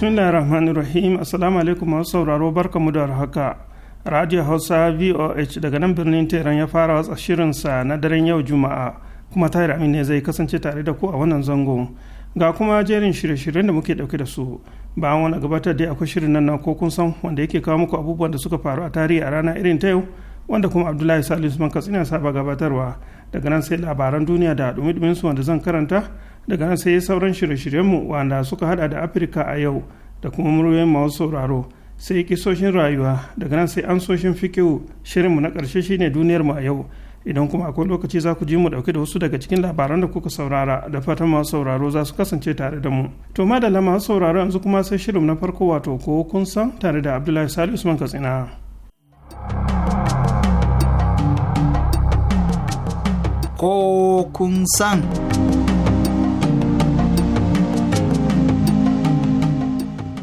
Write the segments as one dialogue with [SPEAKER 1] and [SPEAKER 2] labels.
[SPEAKER 1] bismillahir rahmanir rahim assalamu alaikum masu sauraro barkamu da haka radio hausa voh daga nan birnin teran ya fara watsa shirinsa na daren yau juma'a kuma tahir amin ne zai kasance tare da ku a wannan zango ga kuma jerin shirye-shiryen da muke dauke da su bayan wani gabatar da akwai shirin nan na ko kun san wanda yake kawo muku abubuwan da suka faru a tarihi a rana irin ta yau wanda kuma abdullahi salisu man katsina saba gabatarwa daga nan sai labaran duniya da dumi su wanda zan karanta daga nan sai sauran shirye-shiryenmu wanda suka hada da afirka a yau da kuma muryoyin masu sauraro sai kisoshin rayuwa daga nan sai an ansoshin fikihu shirinmu na ƙarshe shine duniyar mu a yau idan kuma akwai lokaci za ku ji mu dauke da wasu daga cikin labaran da kuka saurara da fatan masu sauraro za su kasance tare da mu to madalla masu sauraro yanzu kuma sai shirin na farko wato ko kun san tare da abdullahi sali usman katsina
[SPEAKER 2] ko
[SPEAKER 3] kun san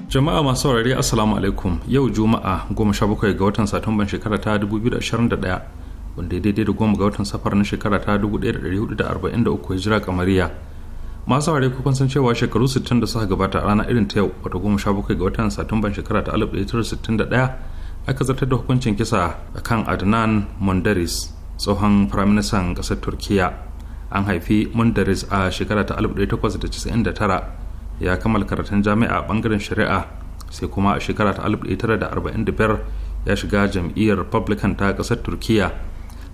[SPEAKER 2] jama'a masu saurari assalamu alaikum yau juma'a 17 ga watan satumban shekara ta 2021 wanda ya daidai da goma ga watan safar na shekara ta 1443 hijira kamariya masu saurari kukan san cewa shekaru 60 da suka gabata a rana irin ta yau wata 17 ga watan satumban shekara ta 1961 aka zartar da hukuncin kisa a kan adnan mondaris tsohon firaministan ƙasar turkiya an haifi mondaris a shekara ta 1899 ya kammala karatun jami'a a bangaren shari'a sai kuma a shekara ta 1945 ya shiga jam'iyyar republican ta kasar turkiya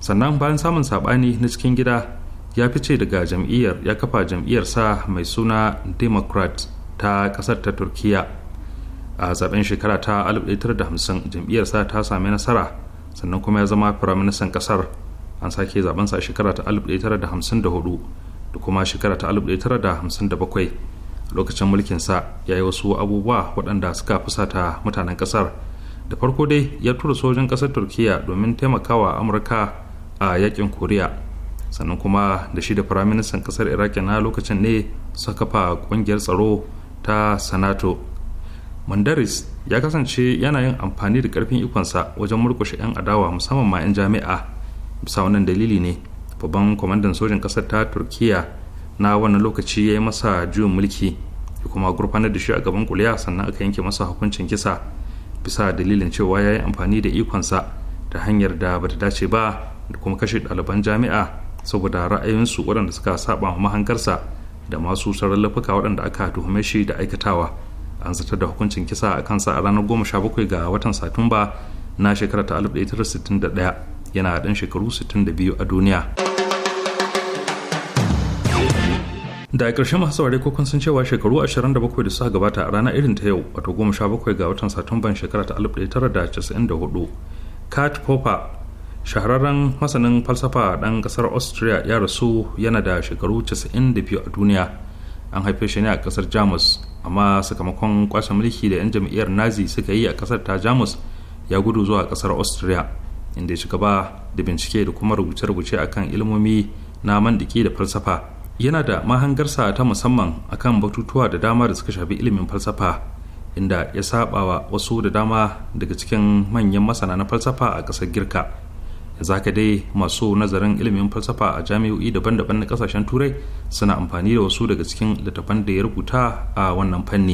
[SPEAKER 2] sannan bayan samun sabani na cikin gida ya fice daga jam'iyyar ya kafa jam'iyyar sa mai suna democrat ta kasar ta turkiya a zaben shekara ta 1950 jam'iyyar sa ta sami nasara sannan kuma ya zama firaministan kasar an sake zabensa a shekara ta 1954 da kuma shekara ta 1957 lokacin mulkin sa ya yi wasu abubuwa waɗanda suka fusata mutanen ƙasar da farko dai ya tura sojin ƙasar turkiya domin taimakawa amurka a yakin koriya sannan kuma da shi da firaministan ƙasar iraki na lokacin ne suka kafa ƙungiyar tsaro ta sanato mandaris ya kasance yana yin amfani da ƙarfin ikonsa wajen murkushe 'yan adawa musamman ma 'yan jami'a bisa wannan dalili ne babban kwamandan sojin ƙasar ta turkiya na wannan lokaci ya yi masa juyin mulki ya kuma gurfanar da shi a gaban kuliya sannan aka yanke masa hukuncin kisa bisa dalilin cewa ya yi amfani da ikonsa da hanyar da bata dace ba da kuma kashe ɗaliban jami'a saboda ra'ayinsu waɗanda suka saba mahangarsa da masu sauran laifuka waɗanda aka tuhume shi da aikatawa an zartar da hukuncin kisa a kansa a ranar goma sha bakwai ga watan satumba na shekarar ta 1961 yana ɗan shekaru 62 a duniya. da ƙarshen masu saurare ko kun san cewa shekaru 27 da suka gabata a rana irin ta yau wato 17 ga watan satumban shekara ta 1994 kat popper shahararren masanin falsafa ɗan ƙasar austria ya rasu yana da shekaru 92 a duniya an haife shi ne a ƙasar jamus amma sakamakon kwashe mulki da 'yan jam'iyyar nazi suka yi a ƙasar ta jamus ya gudu zuwa ƙasar austria inda ya shiga ba da bincike da kuma rubuce-rubuce akan ilmomi na mandiki da falsafa yana da mahangarsa ta musamman a kan batutuwa da dama da suka shafi ilimin falsafa inda ya saba wa wasu da dama daga cikin manyan masana na falsafa a ƙasar girka zaka dai masu nazarin ilimin falsafa a jami'o'i daban-daban na ƙasashen turai suna amfani da wasu daga cikin littattafan da ya rubuta a wannan fanni.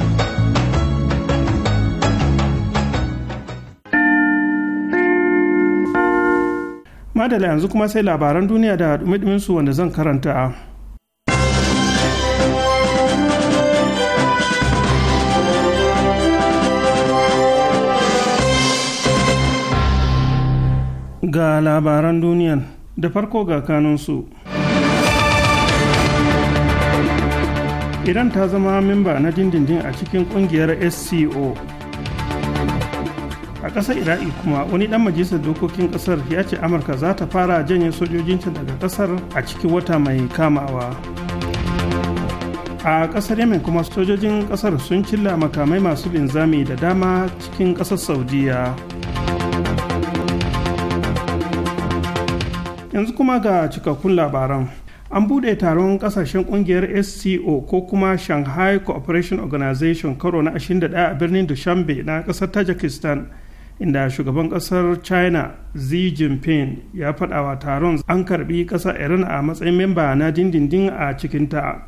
[SPEAKER 1] madala yanzu kuma sai labaran duniya da su wanda zan karanta a. ga labaran duniyan da farko ga kanunsu iran ta zama mimba na dindindin a cikin kungiyar sco a ƙasar iraki kuma wani dan majalisar dokokin ƙasar ya ce amurka za ta fara janye sojojinta daga ƙasar a cikin wata mai kamawa a ƙasar yemen kuma sojojin ƙasar sun cilla makamai masu linzami da dama cikin ƙasar saudiya yanzu kuma ga cikakkun labaran an buɗe taron ƙasashen ƙungiyar sco ko kuma shanghai cooperation organization karo na 21 a birnin dushanbe na ƙasar tajikistan inda shugaban kasar china xi jinping ya faɗawa taron an karbi ƙasa iran a matsayin memba na dindindin a cikinta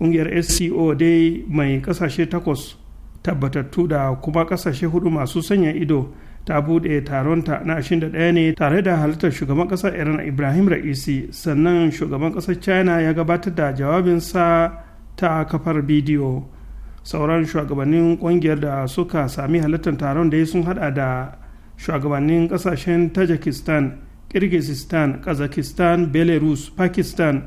[SPEAKER 1] ƙungiyar sco dai mai ƙasashe takwas tabbatattu da kuma ƙasashe hudu masu sanya ido ta buɗe ta na 21 ne tare da halittar shugaban ƙasar iran ibrahim ra'isi sannan shugaban ƙasar china ya gabatar da jawabinsa ta kafar bidiyo sauran shugabannin kungiyar da suka sami halittar taron da sun hada da shugabannin kasashen tajikistan kirgizistan kazakistan belarus pakistan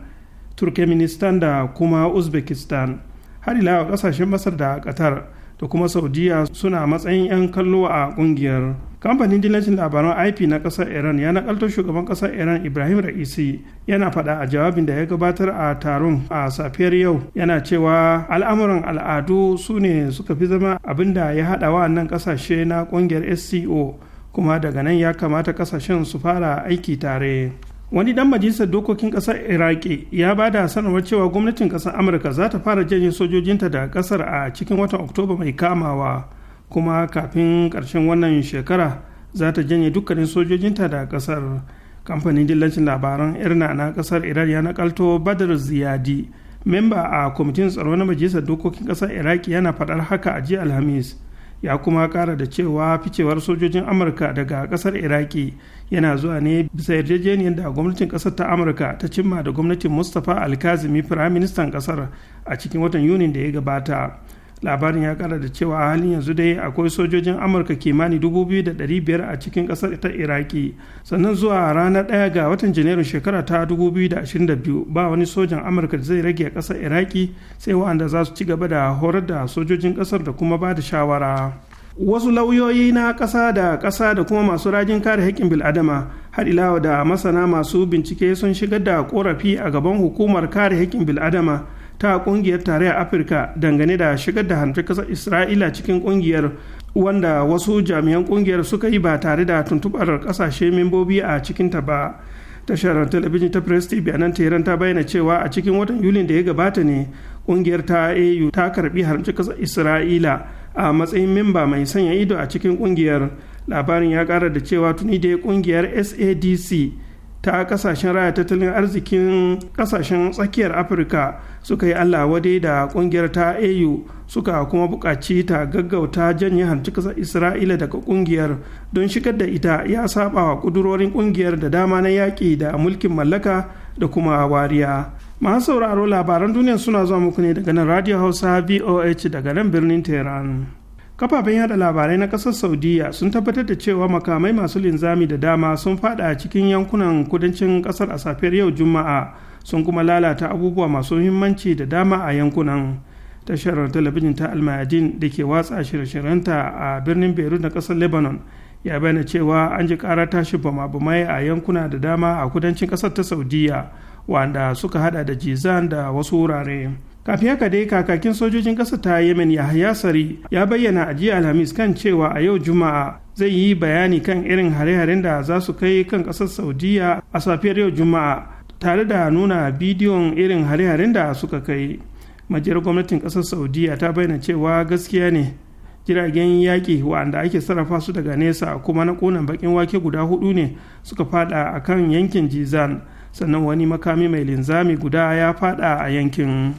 [SPEAKER 1] turkmenistan da kuma uzbekistan har ila kasashen masar da qatar da kuma saudiya suna matsayin 'yan kallo a kungiyar kamfanin dillacin labaran ip na kasar iran ya nakalto shugaban kasar iran ibrahim ra'isi yana fada a jawabin da ya gabatar a taron a safiyar yau yana cewa al'amuran al'adu su ne suka fi zama abin da ya wa nan ƙasashe na ƙungiyar sco kuma daga nan ya kamata ƙasashen su fara aiki tare wani dan majalisar dokokin kasar iraki ya ba da sanarwar cewa gwamnatin kasar amurka za ta fara janye sojojinta da kasar a cikin watan oktoba mai kamawa kuma kafin karshen wannan shekara za ta janye dukkanin sojojinta da kasar kamfanin dillacin labaran irna na kasar iran ya nakalto badar ziyadi memba a kwamitin tsaro na majalisar dokokin kasar iraki yana faɗar haka a jiya alhamis ya kuma kara da cewa ficewar sojojin amurka daga kasar iraki yana zuwa ne bisa yarjejeniyar da gwamnatin kasar ta amurka ta cimma da gwamnatin mustapha alkazimi firaministan kasar a cikin watan yunin da ya gabata labarin ya kara da cewa a halin yanzu dai akwai sojojin amurka kimani 2,500 a cikin kasar ta iraki sannan zuwa ranar 1 ga watan janairun shekara ta 2022 ba wani sojan amurka da zai rage a kasar iraki sai wa'anda za su ci gaba da horar da sojojin kasar da kuma ba da shawara wasu lauyoyi na kasa da kasa da kuma masu rajin kare haƙƙin bil'adama har ilawa da masana masu bincike sun shigar da ƙorafi a gaban hukumar kare haƙƙin bil'adama ta kungiyar tarayyar afirka dangane da shigar da hamshe kasar isra'ila cikin kungiyar wanda wasu jami'an kungiyar suka yi ba tare da tuntubar kasashe membobi a cikinta ba tashar talabijin ta press tv a nan tehran ta bayyana cewa a cikin watan yulin da ya gabata ne kungiyar ta au ta karbi haramci kasar isra'ila a matsayin memba mai sanya ido a cikin kungiyar labarin ya kara da cewa tuni da kungiyar sadc ta kasashen raya tattalin arzikin kasashen tsakiyar afirka suka yi allah wadai da kungiyar ta au suka kuma buƙaci ta gaggauta janye hanci isra'ila daga kungiyar don shigar da ita ya saba wa ƙudurorin kungiyar da dama na yaƙi da mulkin mallaka da kuma wariya masu sauraro labaran duniya suna zuwa muku ne daga nan radio hausa voh daga nan birnin tehran kafafen yada labarai na kasar saudiya sun tabbatar da cewa makamai masu linzami da dama sun fada cikin yankunan kudancin kasar a safiyar yau juma'a sun kuma lalata abubuwa masu muhimmanci da dama a yankunan tashar talabijin ta almayadin da ke watsa shirye-shiryenta a birnin beirut na kasar lebanon ya bayyana cewa an ji kara tashi bama-bamai a yankuna da dama a kudancin kasar ta saudiya wanda suka hada da jizan da wasu wurare. kafin haka dai kakakin sojojin ƙasa ta yemen yahaya sari ya bayyana a jiya alhamis kan cewa a yau juma'a zai yi bayani kan irin hare-haren da za su kai kan ƙasar saudiya a safiyar yau juma'a tare da nuna bidiyon irin hare-haren da suka kai majiyar gwamnatin ƙasar saudiya ta bayyana cewa gaskiya ne jiragen yaƙi wa'anda ake sarrafa su daga nesa kuma na ƙunan baƙin wake guda hudu ne suka fada a kan yankin jizan sannan wani makami mai linzami guda ya fada a yankin.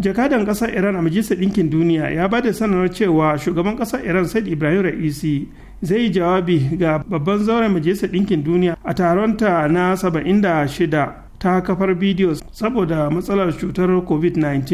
[SPEAKER 1] jakadan kasar iran a majalisar ɗinkin duniya ya ba da sanarwar cewa shugaban kasar iran said ibrahim ra'isi zai yi jawabi ga babban zauren majalisar ɗinkin duniya a taron ta na saba'in da shida ta kafar bidiyo saboda matsalar cutar covid-19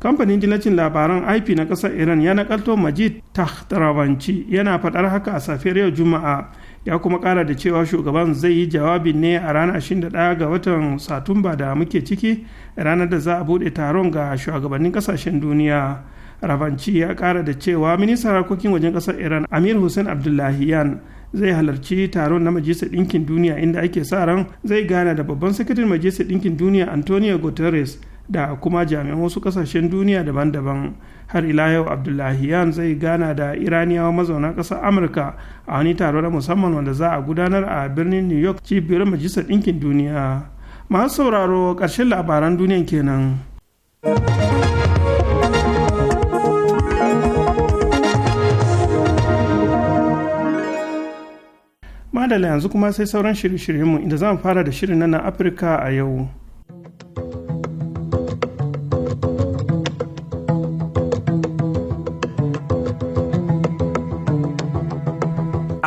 [SPEAKER 1] kamfanin dillacin labaran ip na kasar iran ya nakalto majid tahtaravanci yana faɗar haka a safiyar yau juma'a ya kuma kara da cewa shugaban zai yi jawabin ne a ranar 21 ga watan satumba da muke ciki ranar da za a bude taron ga shugabannin kasashen duniya rabanci ya kara da cewa ministan harkokin wajen kasar iran amir hussein abdullahiyan zai halarci taron na majalisar ɗinkin duniya inda ake sa ran zai gana da babban sakatar majalisar ɗinkin duniya antonio guterres da kuma jami'an wasu kasashen duniya daban-daban har ila yau Abdullahi yan zai gana da iraniyawa mazauna ƙasar amurka a wani taro na musamman wanda za a gudanar a birnin new york cibiyar majalisar ɗinkin duniya masu sauraro ƙarshen labaran duniyan kenan. madala yanzu kuma sai sauran shirye-shiryenmu inda za mu fara da shirin na afirka a yau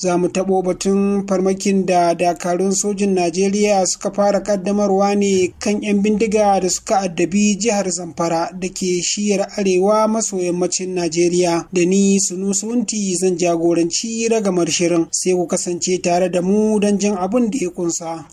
[SPEAKER 4] za mu taɓo batun farmakin da dakarun sojin najeriya suka fara kaddamarwa ne kan 'yan bindiga da suka addabi jihar zamfara da ke shiyar arewa maso yammacin najeriya da ni sunu sunti zan jagoranci ragamar shirin sai ku kasance tare da mu don jin abin da ya kunsa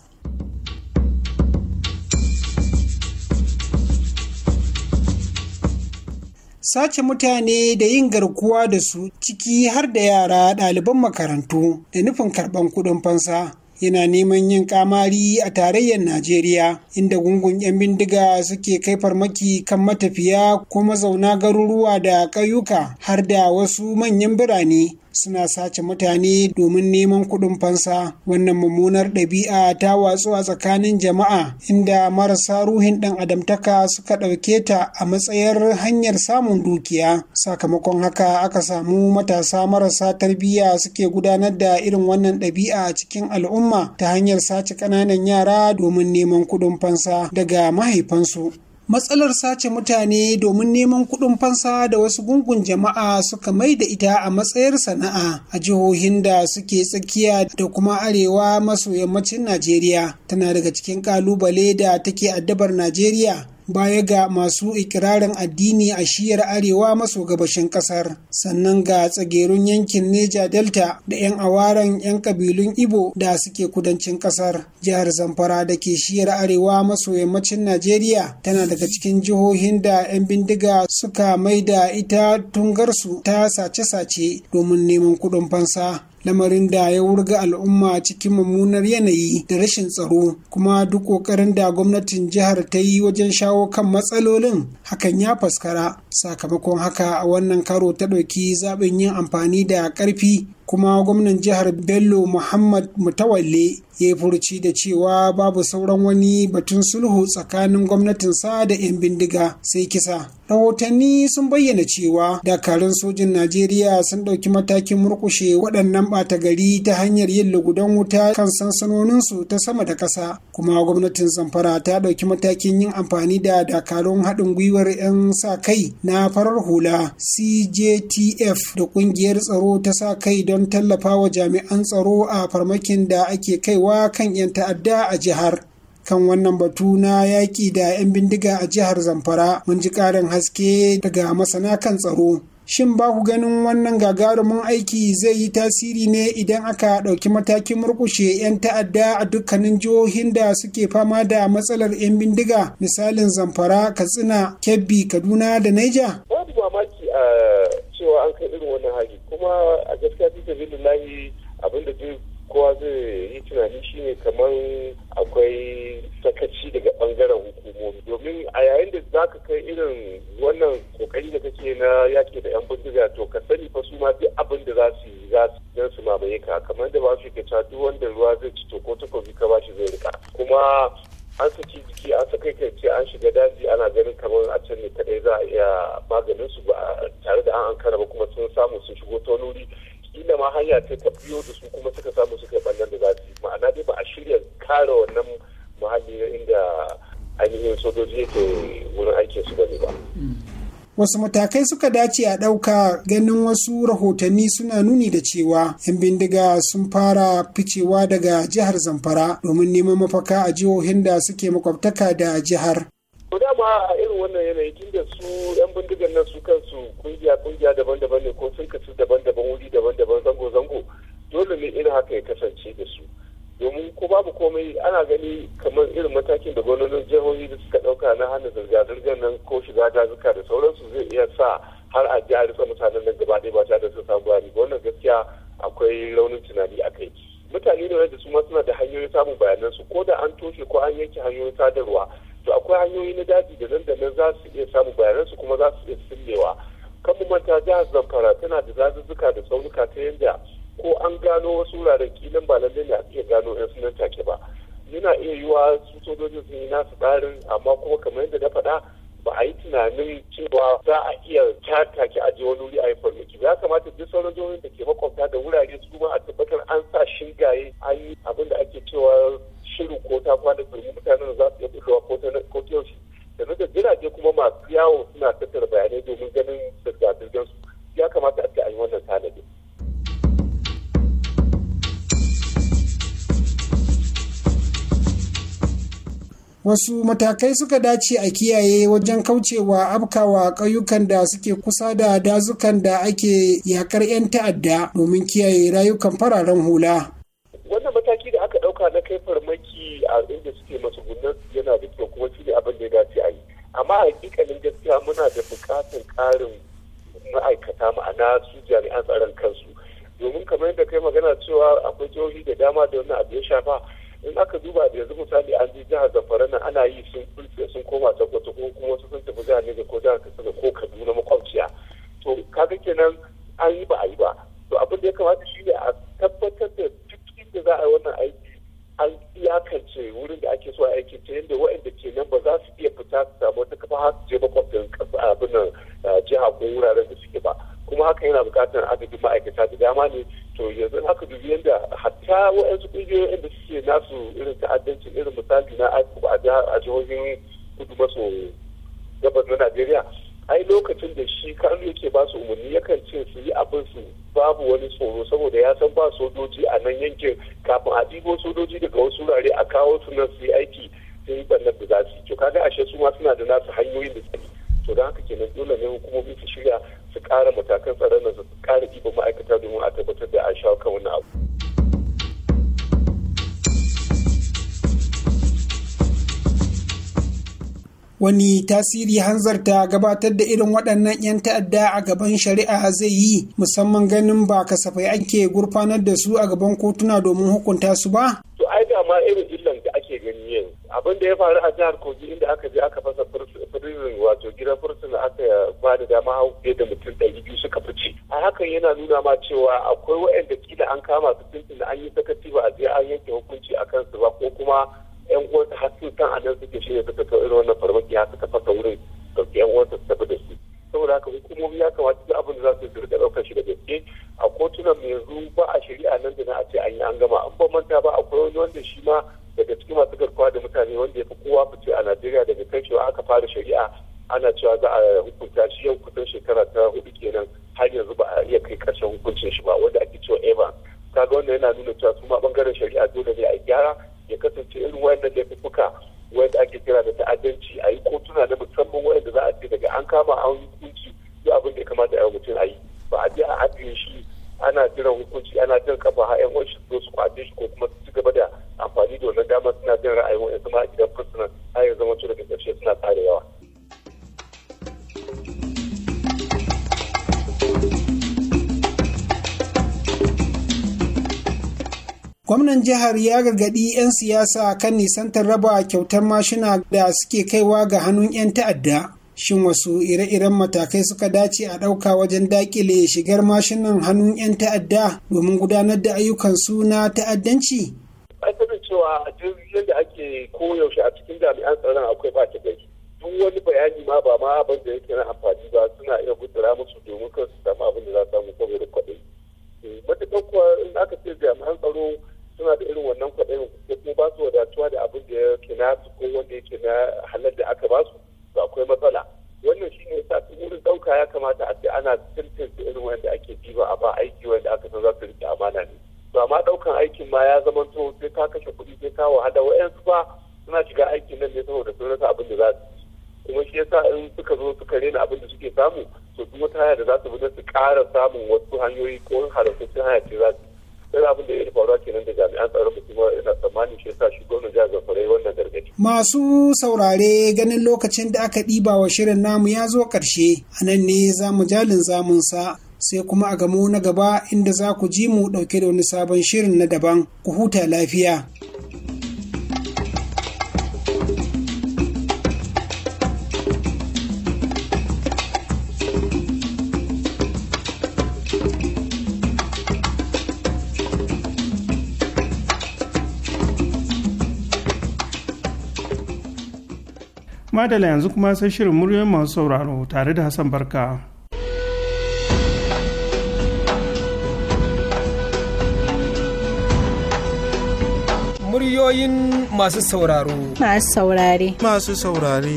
[SPEAKER 4] sace mutane da yin garkuwa da su ciki har da yara ɗaliban makarantu da nufin karɓan kuɗin fansa yana neman yin kamari a tarayyar Najeriya inda gungun 'yan bindiga suke kai farmaki kan matafiya ko mazauna garuruwa da ƙauyuka har da wasu manyan birane suna sace mutane domin neman kuɗin fansa wannan mummunar ɗabi'a ta watsu a tsakanin jama'a inda marasa ruhin ɗan adamtaka suka ɗauke ta a matsayar hanyar samun dukiya sakamakon haka aka samu matasa marasa tarbiyya suke gudanar da irin wannan ɗabi'a a cikin al'umma ta hanyar sace ƙananan yara domin neman kuɗin fansa daga mahaifansu matsalar sace mutane domin neman kuɗin fansa da wasu gungun jama'a suka mai da ita a matsayar sana'a a jihohin da suke tsakiya da kuma arewa maso yammacin najeriya tana daga cikin ƙalubale da take addabar najeriya baya ga masu ikirarin addini a shiyar arewa maso gabashin kasar sannan ga tsagerun yankin neja delta da 'yan awaren 'yan kabilun ibo da suke kudancin kasar jihar zamfara da ke shiyar arewa maso yammacin najeriya tana daga cikin jihohin da 'yan bindiga suka maida ita tungarsu ta sace-sace domin neman kudin fansa lamarin da ya wurga al'umma cikin mummunar yanayi da rashin tsaro kuma duk ƙoƙarin da gwamnatin jihar ta yi wajen shawo kan matsalolin hakan ya faskara sakamakon haka a wannan karo ta ɗauki zaɓin yin amfani da ƙarfi kuma gwamnan jihar bello muhammad mutawalle ya furci da cewa babu sauran wani batun sulhu tsakanin gwamnatinsa da 'yan bindiga sai kisa rahotanni sun bayyana cewa dakarun sojin najeriya sun ɗauki matakin murkushe waɗannan ɓata gari ta hanyar yin lugudan wuta kan sansanoninsu ta sama da ƙasa kuma gwamnatin zamfara ta ɗauki matakin yin amfani da dakarun haɗin gwiwa gwiwar 'yan sa-kai na farar hula cjtf da kungiyar tsaro ta sa-kai don tallafa wa jami'an tsaro a farmakin da ake kaiwa kan 'yan ta'adda a jihar kan wannan batu na yaƙi da 'yan bindiga a jihar zamfara mun ji ƙarin haske daga masana kan tsaro shin ba ku ganin wannan gagarumin aiki zai yi tasiri ne idan aka ɗauki matakin murkushe 'yan ta'adda a dukkanin jihohin da suke fama da matsalar 'yan bindiga misalin zamfara katsina kebbi kaduna da naija babu
[SPEAKER 5] mamaki ah, cewa an kai irin wannan hali kuma a gaskiya abinda duk kowa zai yi tunani shine kamar akwai sakaci daga bangaren hukumomi domin a yayin da za ka kai irin wannan kokari da kake na yaƙi da 'yan bindiga to ka sani fa su ma duk abin da za su yi za su dan su mamaye ka kamar da ba su ke duk wanda ruwa zai ci to ko kofi ka ba shi zai rika kuma an saki jiki an saka kai ce an shiga daji ana ganin kamar a can ne kadai za a iya maganin su ba tare da an ankara ba kuma sun samu sun shigo ta wani kila ma hanya ta ta biyo da su kuma suka samu suka ballan da za su yi ma'ana dai ba a shirya kare wannan muhalli inda ainihin sojoji ke wurin aikin su bane ba.
[SPEAKER 4] Wasu matakai suka dace a ɗauka ganin wasu rahotanni suna nuni da cewa 'yan bindiga sun fara ficewa daga jihar Zamfara domin neman mafaka a jihohin da suke makwabtaka da jihar.
[SPEAKER 5] To dama a irin wannan yanayi tun da su 'yan bindigan nan su kansu kungiya-kungiya daban-daban ne ko sun kasu daban-daban wuri daban-daban zango-zango dole ne irin haka ya kasance da su. domin ko babu komai ana gani kamar irin matakin da gwamnonin jihohi da suka dauka na hannun zirga-zirgar nan ko shiga dazuka da sauransu zai iya sa har a ji a mutanen nan gaba ɗaya ba tare da sun samu bayani ba wannan gaskiya akwai raunin tunani a kai mutane ne da su ma suna da hanyoyin samun bayanan su ko da an toshe ko an yanke hanyoyin sadarwa to akwai hanyoyi na daji da nan da nan za su iya samun bayanan su kuma za su iya sillewa kan mu manta jihar zamfara tana da zazuzzuka da tsaunuka ta yanda ko an gano wasu wuraren kilin ba lalle ne a iya gano yan sunan take ba yana iya yiwa su sojojin sun yi nasu tsarin amma kuma kamar yadda na faɗa ba a yi tunanin cewa za a iya take a je wani wuri a yi farmaki ya kamata duk sauran jihohin da ke makwabta da wurare su ma a tabbatar an sa shingaye an yi abin da ake cewa shirin ko ta kwana domin mutanen da za su iya bullowa ko ta yaushe da da jirage kuma masu yawo suna tattara bayanai domin ganin zirga ya kamata a ce a yi wannan tanadin
[SPEAKER 4] wasu matakai suka dace a kiyaye wajen kaucewa afkawa ƙauyukan da suke kusa da dazukan da ake yakar 'yan ta'adda domin kiyaye rayukan fararen hula wannan
[SPEAKER 5] mataki da aka ɗauka na kai farmaki a inda suke masu gudunar yana da kyau kuma shi ne abin da ya dace a yi amma a hakikalin gaskiya muna da buƙatar ƙarin ma'aikata ma'ana su jami'an tsaron kansu domin kamar yadda kai magana cewa akwai jihohi da dama da wannan abu ya shafa in aka duba da yanzu misali an je jihar zafara nan ana yi sun kulce sun koma sokoto ko kuma wasu sun tafi jihar niger ko jihar katsina ko kaduna makwabciya to kaga kenan an yi ba a yi ba to abin da ya kamata shi ne a tabbatar da duk inda za a yi wannan aiki an iyakance wurin da ake so a aikin ta yadda waɗanda ke nan ba za su iya fita su samu wata kafa har su je makwabtan ƙasa abin nan jiha ko wuraren da suke ba kuma haka yana buƙatar adadin ma'aikata da dama ne to yanzu haka dubi yadda hatta waɗansu ƙungiyoyin da suke nasu irin ta'addancin irin misali na a jihohin kudu maso gabas na Najeriya ai lokacin da shi kan yake ba su umarni yakan ce su yi abin su babu wani tsoro saboda ya san ba sojoji a nan yankin kafin a ɗibo sojoji daga wasu wurare a kawo su nan su yi aiki su yi ɓannar da za su yi to kaga ashe su ma suna da nasu hanyoyin da suke to don haka kenan dole ne hukumomi su shirya su ƙara matakan tsaron nan su ƙara ɗiba ma'aikata domin a tabbatar da an shawo kan wani
[SPEAKER 4] abu. wani tasiri hanzarta gabatar da irin waɗannan 'yan ta'adda a gaban shari'a zai yi musamman ganin ba kasafai ake gurfanar da su a gaban kotuna domin hukunta su ba?
[SPEAKER 5] To ai da ma irin illan da ake gani yanzu abin da ya faru a jihar Kogi inda aka je aka fasa prison wato gidan fursuna aka ba da dama hau fiye da mutum ɗari biyu suka fice a hakan yana nuna ma cewa akwai waɗanda kila an kama su tuntun an yi sakaci ba a je an yanke hukunci a kansu ba ko kuma yan uwanta har sun kan anan suke shirya suka kawo irin wannan farmaki haka suka fasa wurin
[SPEAKER 4] jihar ya gargaɗi 'yan siyasa kan nisantar raba kyautar mashina da suke kaiwa ga hannun 'yan ta'adda shin wasu ire-iren matakai suka dace a ɗauka wajen daƙile shigar mashinan hannun 'yan ta'adda domin gudanar da ayyukansu na ta'addanci
[SPEAKER 5] shi yasa in suka zo suka rena abin da suke samu to duk wata hanya da za su bi su ƙara samun wasu hanyoyi ko haramtaccen hanya ce za su sai abin da ya faruwa kenan da jami'an tsaron su ma ina tsammanin shi yasa shi gwamnan jihar
[SPEAKER 4] Zamfara wannan gargaɗi. Masu saurare ganin lokacin da aka ɗiba wa shirin namu ya zo ƙarshe a nan ne za mu jalin zamunsa. sai kuma a gamo na gaba inda za ku ji mu ɗauke da wani sabon shirin na daban ku huta lafiya.
[SPEAKER 1] madala yanzu kuma sai shirin muryoyin masu sauraro tare da hassan barka
[SPEAKER 4] muryoyin
[SPEAKER 6] masu sauraro
[SPEAKER 7] masu saurare
[SPEAKER 6] masu saurare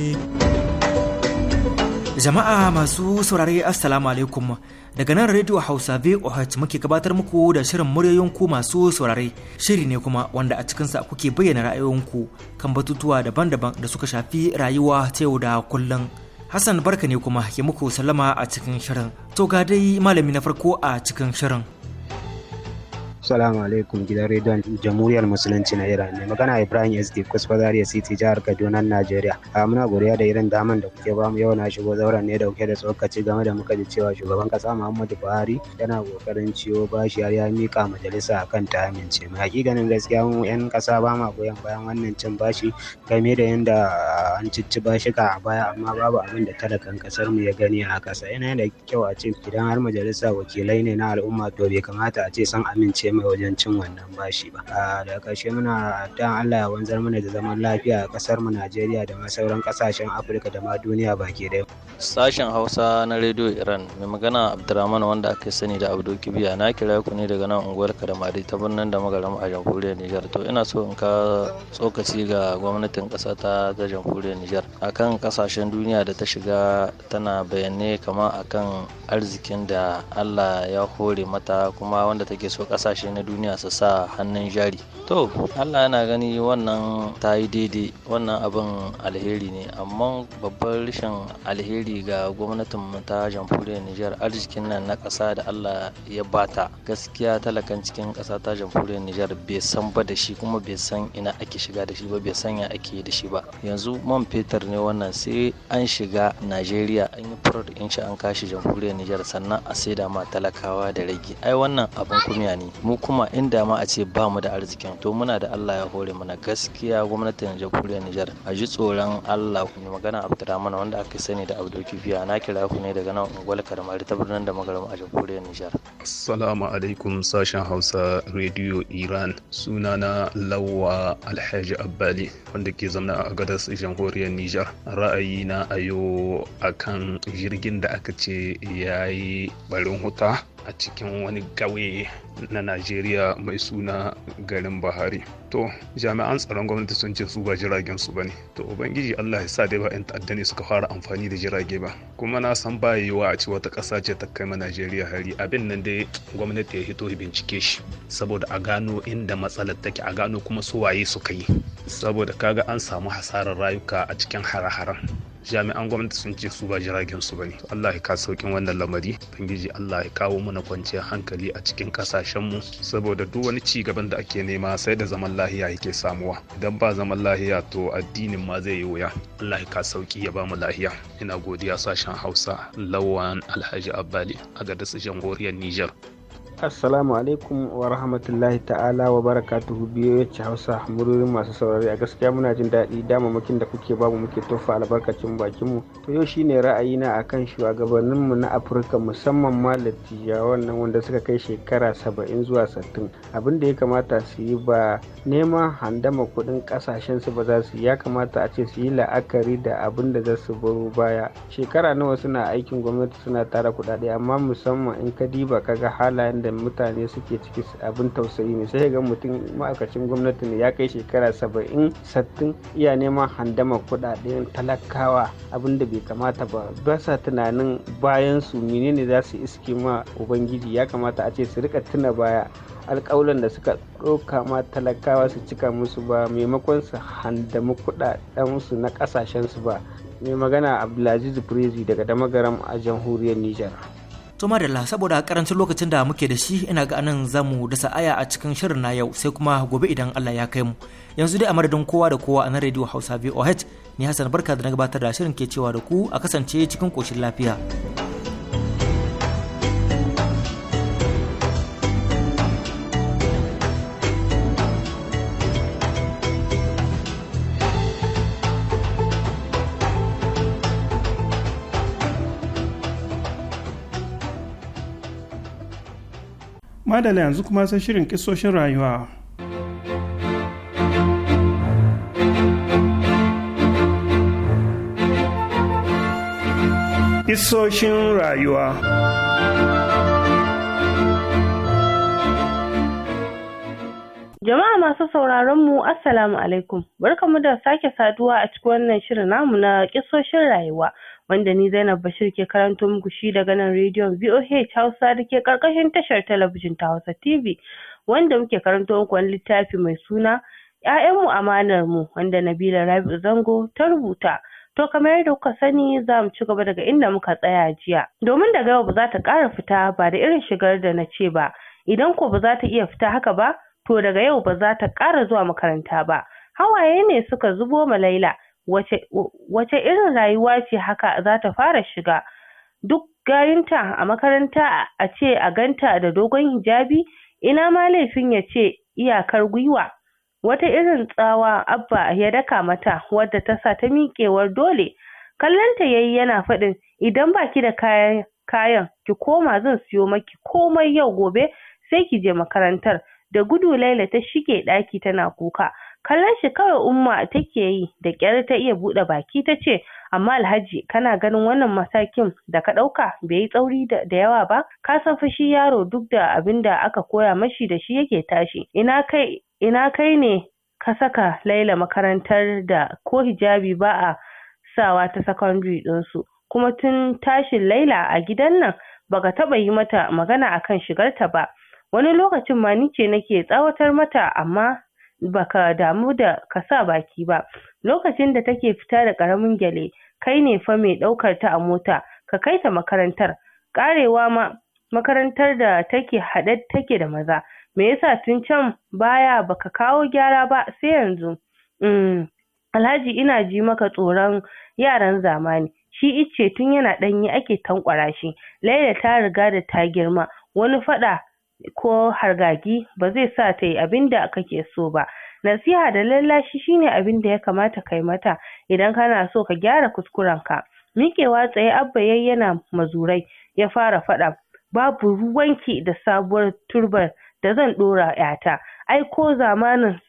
[SPEAKER 6] Jama'a masu saurare Assalamu alaikum daga nan Radio Hausa VOH muke gabatar muku da shirin muryoyin ku masu saurare shiri ne kuma wanda a cikinsa kuke bayyana ra'ayoyinku kan batutuwa daban-daban da suka shafi rayuwa ta yau da kullum. Hassan barka ne kuma ke muku sallama a cikin shirin. To ga dai malami na farko a cikin shirin.
[SPEAKER 8] Assalamu alaikum gidan rediyon Jamhuriyar Musulunci na Iran ne magana Ibrahim SD Kusfa Zaria City jihar Kaduna Najeriya. A ah, muna godiya da irin daman da kuke bamu yau na shigo zauren ne da da tsokaci game da muka ji cewa shugaban kasa Muhammadu Buhari yana kokarin ciwo bashi har ya mika majalisa akan ta amince. Mai hakikanin gaskiya mu yan kasa ba ma goyon bayan wannan cin bashi game da yanda an cicci bashi a baya amma babu abin da talakan kasar mu ya gani a kasa. Yana da kyau a ce idan har majalisa wakilai ne na al'umma to bai kamata a ce san amince mai wajen cin wannan bashi ba a da ƙarshe muna addu'an Allah ya wanzar mana da zaman lafiya a ƙasar mu Najeriya da ma sauran ƙasashen Afirka da ma duniya baki ɗaya
[SPEAKER 3] sashen Hausa na Radio Iran mai magana Abdurrahman wanda aka sani da Abdul Kibiya na kira ku ne daga nan unguwar Kadamari ta birnin da magaram a jamhuriyar Nijar to ina so in ka tsokaci ga gwamnatin ƙasa ta ta jamhuriyar Nijar akan ƙasashen duniya da ta shiga tana bayanai kama akan arzikin da Allah ya hore mata kuma wanda take so ƙasashen na duniya su sa hannun jari to allah yana gani wannan ta yi daidai wannan abin alheri ne amma babban rashin alheri ga gwamnatin ta jamhuriyar nijar arzikin nan na ƙasa da allah ya bata gaskiya talakan cikin ƙasa ta jamhuriyar nijar bai san ba da shi kuma bai san ina ake shiga da shi ba bai san ya ake da shi ba yanzu man fetur ne wannan sai an shiga najeriya an yi product in shi an kashi jamhuriyar nijar sannan a saida ma talakawa da rage ai wannan abin kunya ne mu kuma inda ma a ce ba mu da arzikin to muna da Allah ya hore mana gaskiya gwamnatin jamhuriyar Nijar a ji tsoron Allah ku ne magana Abdurrahman wanda aka sani da Abdul Kibiya na kira ku ne daga nan unguwar Karmari ta birnin da magaram a jamhuriyar Nijar
[SPEAKER 9] Assalamu alaikum sashen Hausa rediyo Iran sunana Lawa Alhaji Abbali wanda ke zama a gadas jamhuriyar Nijar ra'ayi a yau akan jirgin da aka ce yayi barin huta a cikin wani ƙauye na najeriya mai suna garin Buhari. to jami'an tsaron gwamnati sun ce su ba jiragen su ne. to ubangiji allah ya sa dai ba 'yan ta'adda ne suka fara amfani da jirage ba kuma na san ba yiwuwa a ce wata ƙasa ce ta kai ma najeriya hari abin nan dai gwamnati ya hito bincike shi saboda a gano inda matsalar take a gano kuma su waye suka yi saboda kaga an samu hasarar rayuka a cikin hare-haren jami'an gwamnati sun ce su ba jiragen su bane Allah ya ka saukin wannan lamari bangiji Allah ya kawo mana kwanciyar hankali a cikin kasashen mu saboda duk wani ci gaban da ake nema sai da zaman lahiya yake samuwa idan ba zaman lahiya to addinin ma zai yi wuya Allah ya ka sauki ya ba mu lahiya ina godiya sashen Hausa lawan Alhaji Abbali a gadar jamhuriyar Niger
[SPEAKER 8] Assalamu alaikum wa rahmatullahi ta'ala wa barakatuhu biyo ya Hausa muririn masu saurari a gaskiya muna jin daɗi damamakin da kuke bamu muke tofa albarkacin bakinmu. To yau shine ra'ayina wa. shugabanninmu na Afirka musamman ma lattijawan wannan wanda suka kai shekara saba'in zuwa sittin abin da ya kamata su yi ba neman handama kuɗin ƙasashen su ba za su ya kamata a ce su yi la'akari da abin da za su baro baya. Shekara nawa suna aikin gwamnati suna tara kuɗaɗe amma musamman in ka diba kaga halayen da da mutane suke ciki abin tausayi ne sai ga mutum ma'aikacin gwamnati ne ya kai shekara saba'in sattin iya neman handama kudaden talakawa abin da bai kamata ba ba sa tunanin bayan su menene za su iske ma ubangiji ya kamata a ce su rika tuna baya alƙawulan da suka ɗauka ma talakawa su cika musu ba maimakon su kuɗaɗen su na su ba mai magana abdulaziz prezi daga damagaram a jamhuriyar nijar
[SPEAKER 6] To madalla saboda karancin lokacin da muke da shi ina ga anan za mu dasa aya a cikin shirin na yau sai kuma gobe idan Allah ya kai mu. Yanzu dai a madadin kowa da kowa a nan Radio Hausa VOH ni Hassan Barka da na gabatar da shirin ke cewa da ku a kasance cikin koshin lafiya.
[SPEAKER 1] madala yanzu kuma sai shirin kisoshin rayuwa Kisoshin rayuwa
[SPEAKER 7] Jama'a masu sauraron mu Assalamu alaikum. Barkamu da sake saduwa a cikin wannan shirin namu na kisoshin rayuwa wanda ni Zainab Bashir ke karanto muku shi daga nan rediyon VOH Hausa da ke karkashin tashar talabijin ta Hausa TV wanda muke karanto muku wani littafi mai suna mu, amanar mu wanda Nabila Rabi'u Zango ta rubuta. To kamar yadda kuka sani za mu ci gaba daga inda muka tsaya jiya. Domin daga yau ba za ta ƙara fita ba da irin shigar da na ce ba. Idan ko ba za ta iya fita haka ba, to daga yau ba za ta ƙara zuwa makaranta ba. Hawaye ne suka zubo ma Laila. wace wace irin rayuwa ce haka za ta fara shiga duk gayinta a makaranta a ce a ganta da dogon hijabi ina ma laifin ya ce iyakar gwiwa wata irin tsawa Abba ya daka mata wadda ta sa ta miƙewar dole kallonta yayi yana faɗin idan baki da kayan kayan ki koma zan siyo maki komai yau gobe sai ki je makarantar da gudu Laila ta shige ɗaki tana kuka kallon shi kawai umma take yi da ƙyar ta iya buɗe baki ta ce amma alhaji kana ganin wannan matakin da ka ɗauka bai yi tsauri da yawa ba ka san fushi yaro duk da abin da aka koya mashi da shi yake tashi ina kai ina kai ne ka saka laila makarantar da ko hijabi ba a sawa ta secondary su, kuma tun tashin laila a gidan nan baka taɓa yi mata magana akan shigarta ba wani lokacin ma ni ce nake tsawatar mata amma baka damu da ka sa baki ba lokacin da take fita da ƙaramin gyale kai ne fa mai ɗaukar ta a mota ka kai ta makarantar ƙarewa ma makarantar da take haɗe take da maza me yasa tun can baya baka kawo gyara ba sai yanzu um Alhaji ina ji maka tsoron yaran zamani shi icce tun yana ɗanye ake tankwara shi Laila ta riga da ta girma wani faɗa ko hargagi ba zai sa ta yi abin da kake so ba nasiha da lallashi shine abin da ya kamata kai mata idan kana so ka gyara kuskurenka miƙewa tsaye abba yayi yana mazurai ya fara faɗa babu ruwanki da sabuwar turbar da zan ɗora yata ai ko zamanin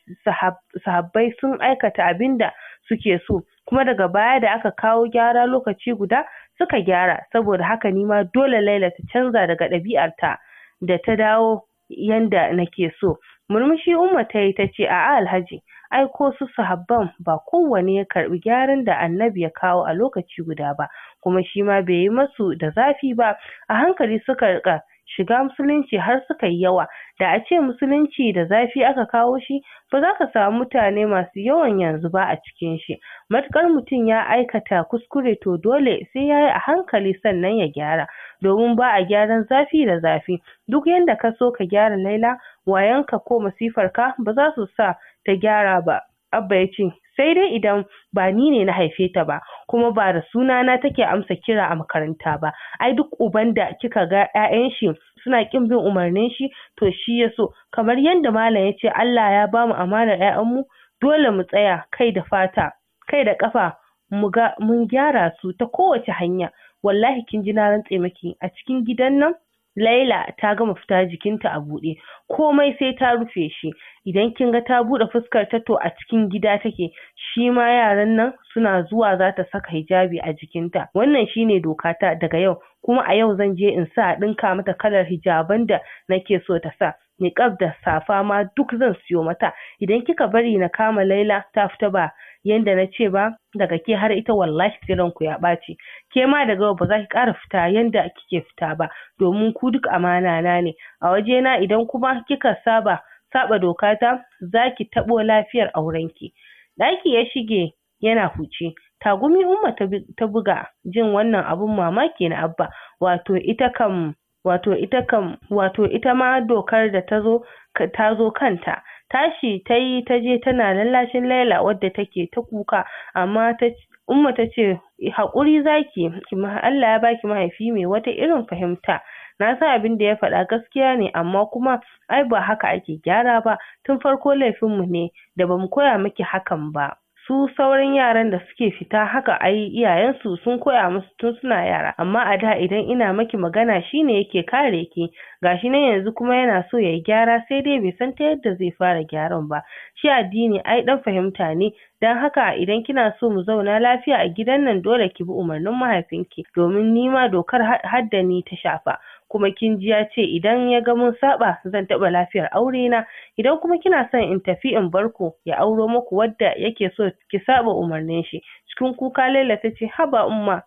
[SPEAKER 7] sahabbai sun aikata abin da suke so kuma daga baya da aka kawo gyara lokaci guda suka gyara saboda haka nima dole Laila ta canza daga ɗabi'arta da ta dawo yanda nake so murmushi umma ta yi ta ce a'a alhaji ai ko su sahabban ba kowane ya karɓi gyaran da annabi ya kawo a lokaci guda ba kuma shi ma bai yi masu da zafi ba a hankali suka rika shiga musulunci har suka yi yawa da a ce musulunci da zafi aka kawo shi ba za ka samu mutane masu yawan yanzu ba a cikin shi matukar mutum ya aikata kuskure to dole sai ya yi a hankali sannan ya gyara domin ba a gyaran zafi da zafi duk yadda ka so ka gyara laila wayanka ko masifarka ba za su sa ta gyara ba abba ya ce sai dai idan ba ni ne na haife ta ba kuma ba da sunana take amsa kira a makaranta ba ai duk uban da kika ga 'ya'yan shi suna kin bin umarnin shi to shi ya so kamar yadda malam ya ce Allah ya ba bamu amanar 'ya'yanmu dole mu tsaya kai da fata kai da kafa mun gyara su ta kowace hanya wallahi kin ji na rantse maki a cikin gidan nan Laila ta gama fita jikinta a buɗe, komai sai ta rufe shi. Idan kin ga ta buɗe fuskar ta to a cikin gida take, shi ma yaran nan suna zuwa za ta saka hijabi a jikinta. Wannan shi shine dokata daga yau, kuma a yau zan je in sa a ɗinka mata kalar hijaban da nake so ta sa. Niƙab da safa ma duk zan siyo mata. Idan kika bari na kama Laila ta fita ba yanda na ce ba daga ke har ita wallahi sai ku ya ɓaci ke ma daga ba za ki ƙara fita yanda kike fita ba domin ku duk amana na ne a wajena idan kuma kika saba saba doka ta za ki taɓo lafiyar aurenki ɗaki ya shige yana huci tagumi umma ta buga jin wannan abun mamaki na abba wato ita kam wato ita kam wato ita ma dokar da ta zo ta zo kanta tashi ta yi ta je tana lallashin Laila wadda take ta kuka amma ta Umma ta ce haƙuri zaki Allah ya baki mahaifi mai wata irin fahimta na san abin da ya faɗa gaskiya ne amma kuma ai ba haka ake gyara ba tun farko laifinmu ne da bamu koya miki hakan ba su sauran yaran da suke fita haka ai iyayensu sun koya musu tun suna yara amma a da idan ina maki magana shine yake kare ki gashi nan yanzu kuma yana so yayi gyara sai dai bai san ta yadda zai fara gyaran ba shi addini ai dan fahimta ne dan haka idan kina so mu zauna lafiya a gidan nan dole ki bi umarnin mahaifinki domin nima dokar haddani ta shafa kuma kin ji ya ce idan ya ga mun saba zan taɓa lafiyar aure na idan kuma kina son in tafi in bar ku ya auro muku wadda yake so ki saɓa umarnin shi cikin kuka Laila ta ce haba umma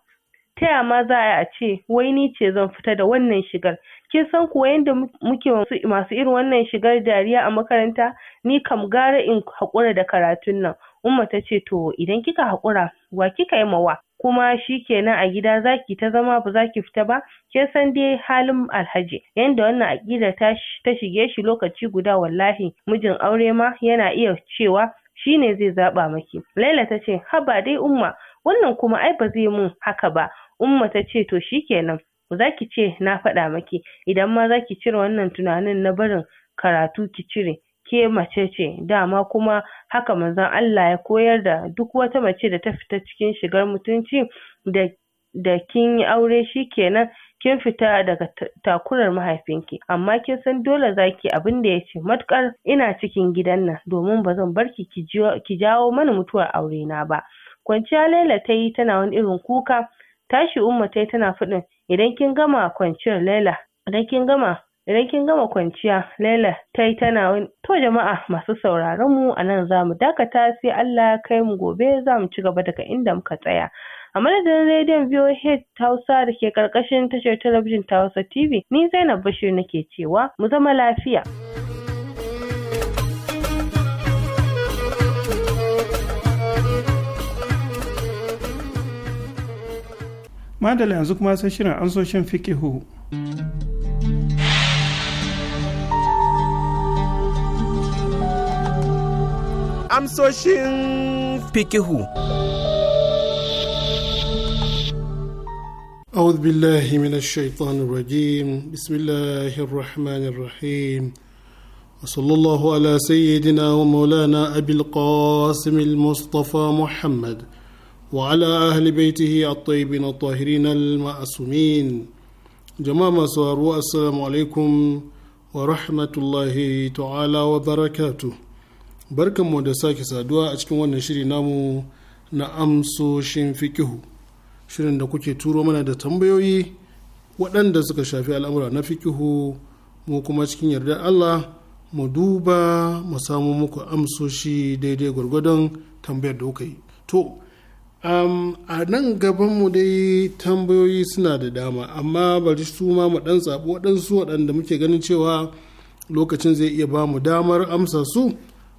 [SPEAKER 7] Ta taya ma za a ce wai ni ce zan fita da wannan shigar kin san kuwa yadda muke masu irin wannan shigar dariya a makaranta ni kam gara in haƙura da karatun nan umma ta ce to idan kika haƙura wa kika yi mawa kuma shikenan a gida zaki ta zama ba zaki fita ba kin san dai halin Alhaji yanda wannan aƙidar ta shige shi lokaci guda wallahi mijin aure ma yana iya cewa shine zai zaɓa maki Laila ta ce haba dai umma wannan kuma ai ba zai mun haka ba umma ta ce to shikenan zaki ce na faɗa maki idan ma zaki cire wannan tunanin na barin karatu ki cire ke mace ce dama kuma haka manzon Allah ya koyar da duk wata mace da ta fita cikin shigar mutunci da da kin yi aure shikenan kin fita daga takurar mahaifinki amma kin san dole zaki abin da ya ce, matukar ina cikin gidan nan domin ba zan bar ki ki jawo mana mutuwar aure na ba kwanciya Laila ta yi tana wani irin kuka tashi Umma ta yi tana faɗin idan kin gama kwanciyar Laila idan kin gama idan kin gama kwanciya laila yi tana wani to jama'a masu sauraron mu a nan za mu dakata sai Allah ya kai mu gobe za mu ci gaba daga inda muka tsaya a madadin rediyon VOH Hausa da ke karkashin tashar talabijin ta Hausa TV ni Zainab Bashir nake cewa mu zama lafiya.
[SPEAKER 1] Madala yanzu kuma sai shirin shan fikihu. amsoshin
[SPEAKER 10] fikihu. أعوذ بالله من الشيطان الرجيم بسم الله الرحمن الرحيم وصلى الله على سيدنا ومولانا أبي القاسم المصطفى محمد وعلى أهل بيته الطيبين الطاهرين المعصومين جماعة سوار السلام عليكم ورحمة الله تعالى وبركاته barkanmu da sake saduwa a cikin wannan shiri namu na amsoshin fikihu shirin da kuke turo mana da tambayoyi waɗanda suka shafi al'amura na fikihu mu kuma cikin yarda Allah mu duba mu samu muku amsoshi daidai gwargwadon tambayar da kuka yi to um, a nan gabanmu dai tambayoyi suna da dama amma bari su ma mu ɗan tsabi waɗansu waɗanda muke ganin cewa lokacin zai iya ba mu damar amsa su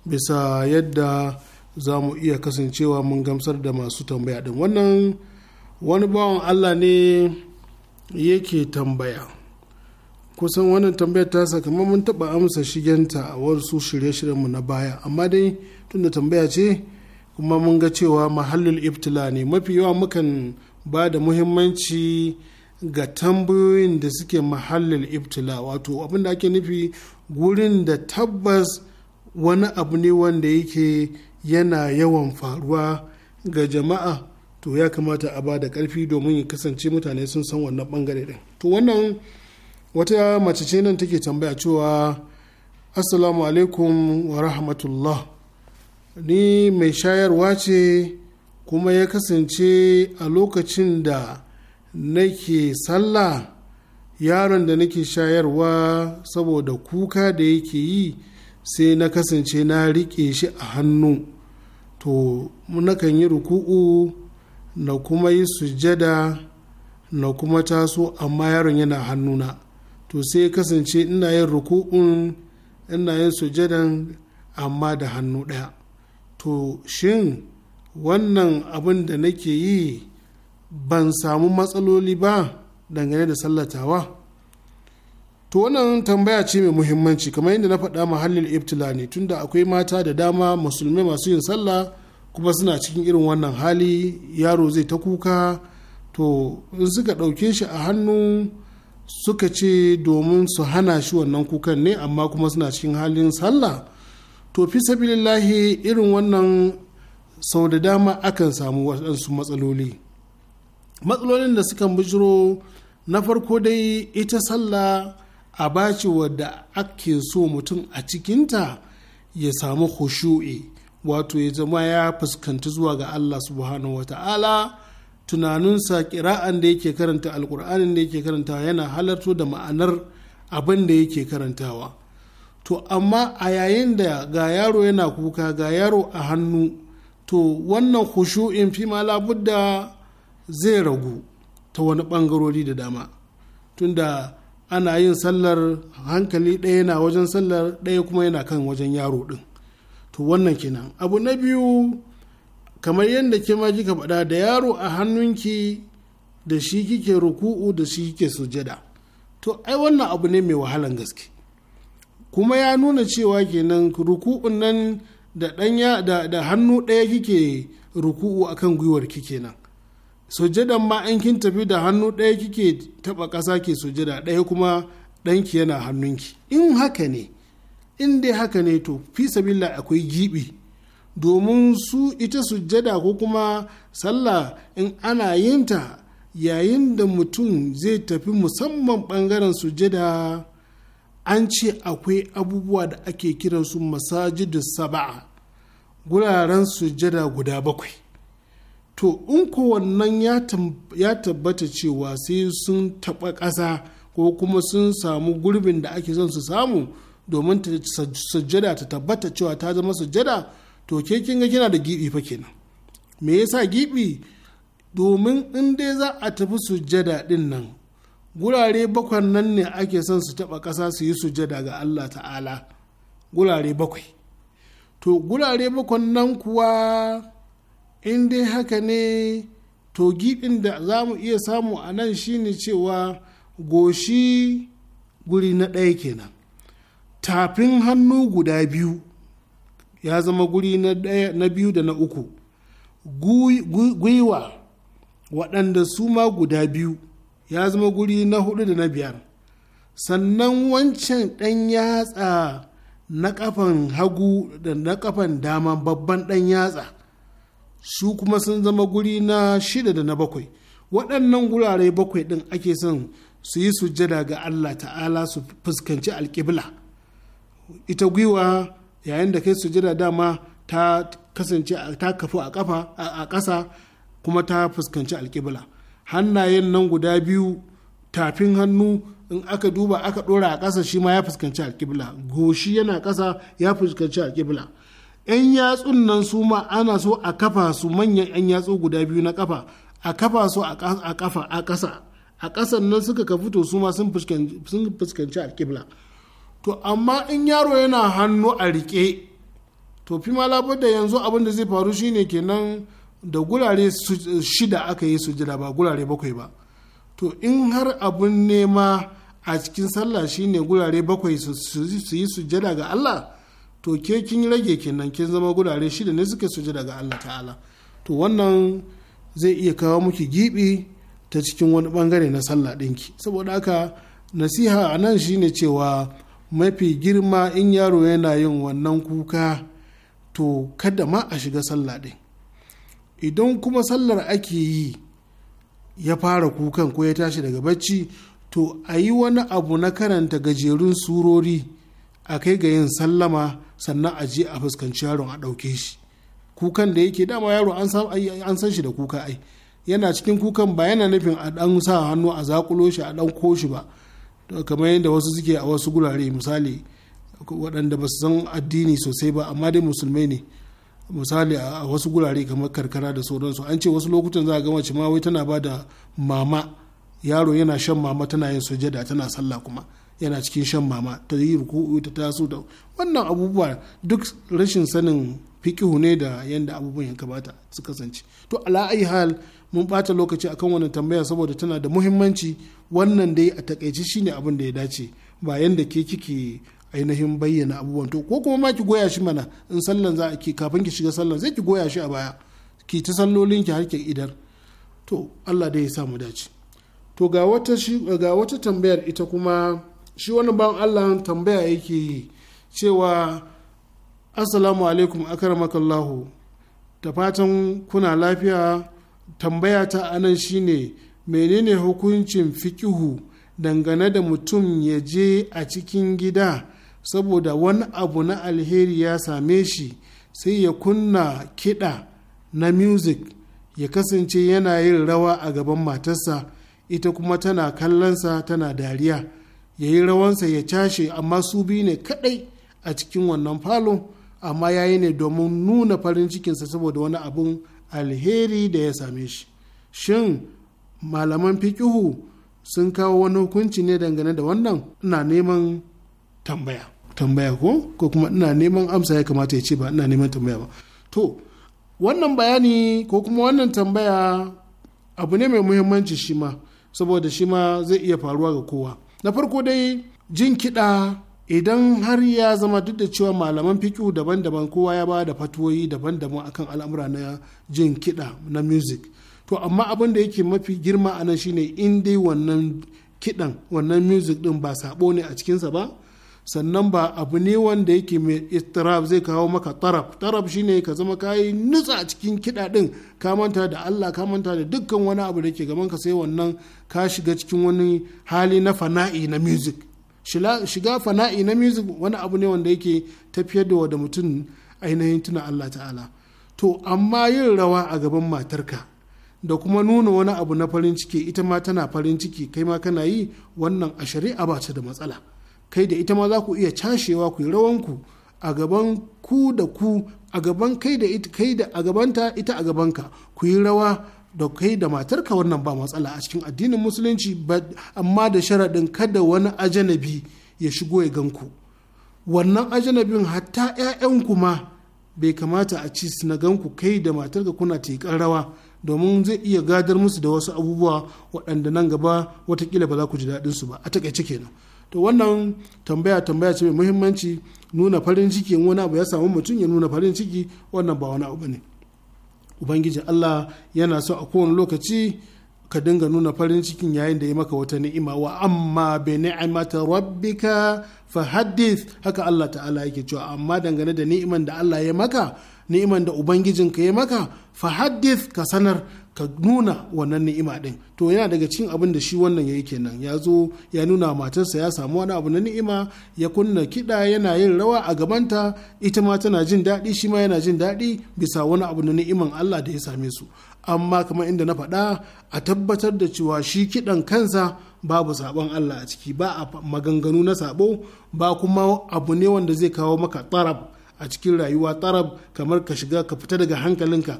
[SPEAKER 10] bisa yadda za mu iya kasancewa mun gamsar da masu tambaya din wannan wani bawan allah ne yake tambaya kusan wannan tambayar ta kamar mun taɓa amsa shigenta a wasu shirye-shiryenmu na baya amma dai tunda tambaya ce kuma mun ga cewa mahallul iftila ne mafi yawa mukan ba da muhimmanci ga tambayoyin da suke mahallul iftila wato abin da ake nufi gurin da tabbas wani abu ne wanda yake yana yawan faruwa ga jama'a to ya kamata a ba da karfi domin ya kasance mutane sun san wannan bangare din to wannan wata mace ce nan take tambaya cewa assalamu alaikum wa rahmatullah ni mai shayarwa ce kuma ya kasance a lokacin da nake sallah yaron da nake shayarwa saboda kuka da yake yi sai na kasance na riƙe shi a hannu to nakan yi ruku'u na kuma yi sujada na kuma taso amma yaron yana hannuna to sai kasance ina yin ruku'un ina yin sujadan amma da hannu ɗaya to shin wannan abin da nake yi ban samu matsaloli ba dangane da sallatawa to wannan tambaya ce mai muhimmanci kamar yadda na faɗa mahallin ibtila ne tunda akwai mata da dama musulmai masu yin sallah kuma suna cikin irin wannan hali yaro zai ta kuka to in suka ɗauke shi a hannu suka ce domin su hana shi wannan kukan ne amma kuma suna cikin halin sallah to fi sabilillahi irin wannan sau da dama akan samu waɗansu matsaloli matsalolin da suka bujiro na farko dai ita sallah a baci wadda ake so mutum a cikinta ya samu khushu'i wato ya zama ya fuskanci zuwa ga Allah subhanahu wata'ala tunaninsa kira'an da yake karanta alkur'anin da yake karantawa yana halarto da ma'anar abin da yake karantawa to amma a yayin da ga yaro yana kuka ga yaro a hannu to wannan khushu'in fi ma labudda zai ragu ta wani bangarori da dama tunda ana yin sallar hankali ɗaya na wajen sallar ɗaya kuma yana kan wajen yaro ɗin to wannan kenan abu na biyu kamar yadda ke ma kika faɗa da yaro a hannunki da shi kike ruku'u da shi kike sujada to ai wannan abu ne mai wahalan gaske kuma ya nuna cewa kenan rukuu nan da hannu ɗaya kike ruku'u akan gwiwar kike nan. sujadan ma in kin tafi da hannu ɗaya kike taɓa ƙasa ke sujada ɗaya kuma ɗanki yana hannunki in haka ne in dai haka ne to fi sabila akwai giɓi domin su ita sujada ko kuma sallah in ana yinta yayin da mutum zai tafi musamman ɓangaren sujada an ce akwai abubuwa da ake kiransu masajidu saba'a guraren sujada guda bakwai to in wannan ya tabbata cewa sai sun taɓa ƙasa ko kuma sun samu gurbin da ake son su samu domin sujjada ta tabbata cewa ta zama sujjada to ke kin ga kina da gibi fa kenan me yasa gibi domin in dai za a tafi sujjada din nan gurare bakwan nan ne ake son su taɓa ƙasa su yi sujjada ga Allah ta'ala gurare bakwai to gurare bakwan nan kuwa in dai haka ne to giɗin da za mu iya samu a nan shine cewa goshi guri na ɗaya kenan tafin hannu guda biyu ya zama guri na biyu da na uku gwiwa waɗanda su ma guda biyu ya zama guri na hudu da na biyar sannan wancan ɗan yatsa na ƙafan hagu da na ƙafan dama babban ɗan yatsa su kuma sun zama guri na shida da na bakwai waɗannan gurare bakwai ɗin ake son su yi sujjada ga Allah ta'ala su fuskanci alƙibla ita gwiwa yayin da kai sujjada dama ta kasance ta kafu a kafa a ƙasa kuma ta fuskanci alƙibla hannayen nan guda biyu tafin hannu in aka duba aka ɗora a ƙasa shi ma ya fuskanci alƙibla goshi yana ƙasa ya fuskanci alƙibla 'yan yatsun nan su ma ana so a kafa su manyan 'yan yatsu guda biyu na kafa a kafa su a kafa a ƙasa a ƙasan nan suka ka fito su ma sun fuskanci alkibla to amma in yaro yana hannu a riƙe to fi ma da yanzu abin da zai faru shine kenan da gurare shida aka yi sujada ba gurare bakwai ba to in har abin nema a cikin sallah shine gurare bakwai su yi sujada ga Allah to ke kin rage kenan kin zama gurare shida ne suka suje daga Allah ta'ala to wannan zai iya kawo miki gibi ta cikin wani bangare na sallah ɗinki saboda haka nasiha a nan shine cewa mafi girma in yaro yana yin wannan kuka to kada ma a shiga sallah ɗin idan kuma sallar ake yi ya fara kukan ko ya tashi daga bacci to a yi wani abu na karanta gajerun surori a kai ga yin sallama sannan a je a fuskanci yaron a ɗauke shi kukan da yake dama yaro an san shi da kuka ai yana cikin kukan ba yana nufin a ɗan sa hannu a zakulo shi a ɗan shi ba kamar yadda wasu suke a wasu gurare misali waɗanda ba su san addini sosai ba amma dai musulmai ne misali a wasu gurare kamar karkara da sauransu an ce wasu lokutan za a ga mace ma wai tana ba da mama yaro yana shan mama tana yin sujada tana sallah kuma yana cikin shan mama ta yi ruku ta taso da wannan abubuwa duk rashin sanin fikihu ne da yadda abubuwan ya kamata su kasance to ala hal mun bata lokaci akan wannan tambaya saboda tana da muhimmanci wannan dai a takaice shine abin da ya dace ba yadda ke kike ainihin bayyana abubuwan to ko kuma ma ki goya shi mana in sallan za ki kafin ki shiga sallan zai ki goya shi a baya ki ta sallolin ki har ki idar to Allah dai ya sa mu dace to ga wata tambayar ita kuma shi wani ban allah tambaya yake yi, cewa assalamu alaikum akaramakallahu da fatan kuna lafiya tambaya ta anan shine menene hukuncin fikihu dangane da mutum ya je a cikin gida saboda wani abu na alheri ya same shi sai ya kunna kiɗa na music ya kasance yana yin rawa a gaban matarsa ita kuma tana kallonsa tana dariya ya yi rawansa ya cashe amma su biyu ne kadai a cikin wannan falo amma ya yi ne domin nuna farin cikinsa saboda wani abun alheri da ya same shi shin malaman fikihu sun kawo wani hukunci ne dangane da wannan ina neman tambaya tambaya ko ko kuma ina neman amsa ya kamata ya ce ba ina neman tambaya ba to wannan bayani ko kuma wannan tambaya abu ne mai muhimmanci shi ma saboda shi ma zai iya faruwa ga kowa na farko dai jin kiɗa idan har ya zama duk da cewa malaman fiƙu daban-daban kowa ya ba da fatuwoyi daban-daban akan al'amura na jin kiɗa na music to amma abin da yake mafi girma a nan shine in dai wannan kiɗan wannan music ɗin ba sabo ne a cikinsa ba sannan ba abu ne wanda yake mai istirab zai kawo maka taraf taraf shine ka zama ka yi nutsa a cikin kiɗa ɗin ka manta da Allah ka manta da dukkan wani abu da ke gaban ka sai wannan ka shiga cikin wani hali na fana'i na music shiga fana'i na music wani abu ne wanda yake tafiyar da wada mutum ainihin tuna Allah ta'ala to amma yin rawa a gaban matarka da kuma nuna wani abu na farin ciki ita ma tana farin ciki kai ma kana yi wannan a shari'a ba ta da matsala kai da ita ma za ku iya cashewa ku yi rawanku a gaban ku da ku a gaban kai da ita kai da a gabanta ita a gabanka ku yi rawa da kai da matarka wannan ba matsala a cikin addinin musulunci amma da sharaɗin kada wani ajanabi ya shigo ya ganku wannan ajanabin hatta 'ya'yanku ma bai kamata a ci na ganku kai da matarka kuna teƙar rawa domin zai iya gadar musu da wasu abubuwa waɗanda nan gaba watakila ba za ku ji daɗinsu ba a taƙaice kenan to wannan tambaya tambaya ce mai muhimmanci nuna farin ciki wani abu ya samu mutum ya nuna farin ciki wannan ba wani abu ne ubangiji Allah yana so a kowane lokaci ka dinga nuna farin cikin yayin da ya maka wata ni'ima wa amma bi ni'mata rabbika fa hadith haka Allah ta'ala yake cewa amma dangane da ni'iman da Allah ya maka ni'iman da ubangijinka ya maka fa hadith ka sanar ka nuna wannan ni'ima din to yana daga cikin abin da shi wannan yayi kenan ya zo ya nuna matarsa ya samu wani abu na ni'ima ya kunna kiɗa yana yin rawa a gabanta ita ma tana jin daɗi shi ma yana jin daɗi bisa wani abu na ni'iman Allah da ya same su amma kamar inda na faɗa a tabbatar da cewa shi kiɗan kansa babu sabon Allah a ciki ba a maganganu na sabo ba kuma abu ne wanda zai kawo maka tsarab a cikin rayuwa tarab kamar ka shiga ka fita daga hankalinka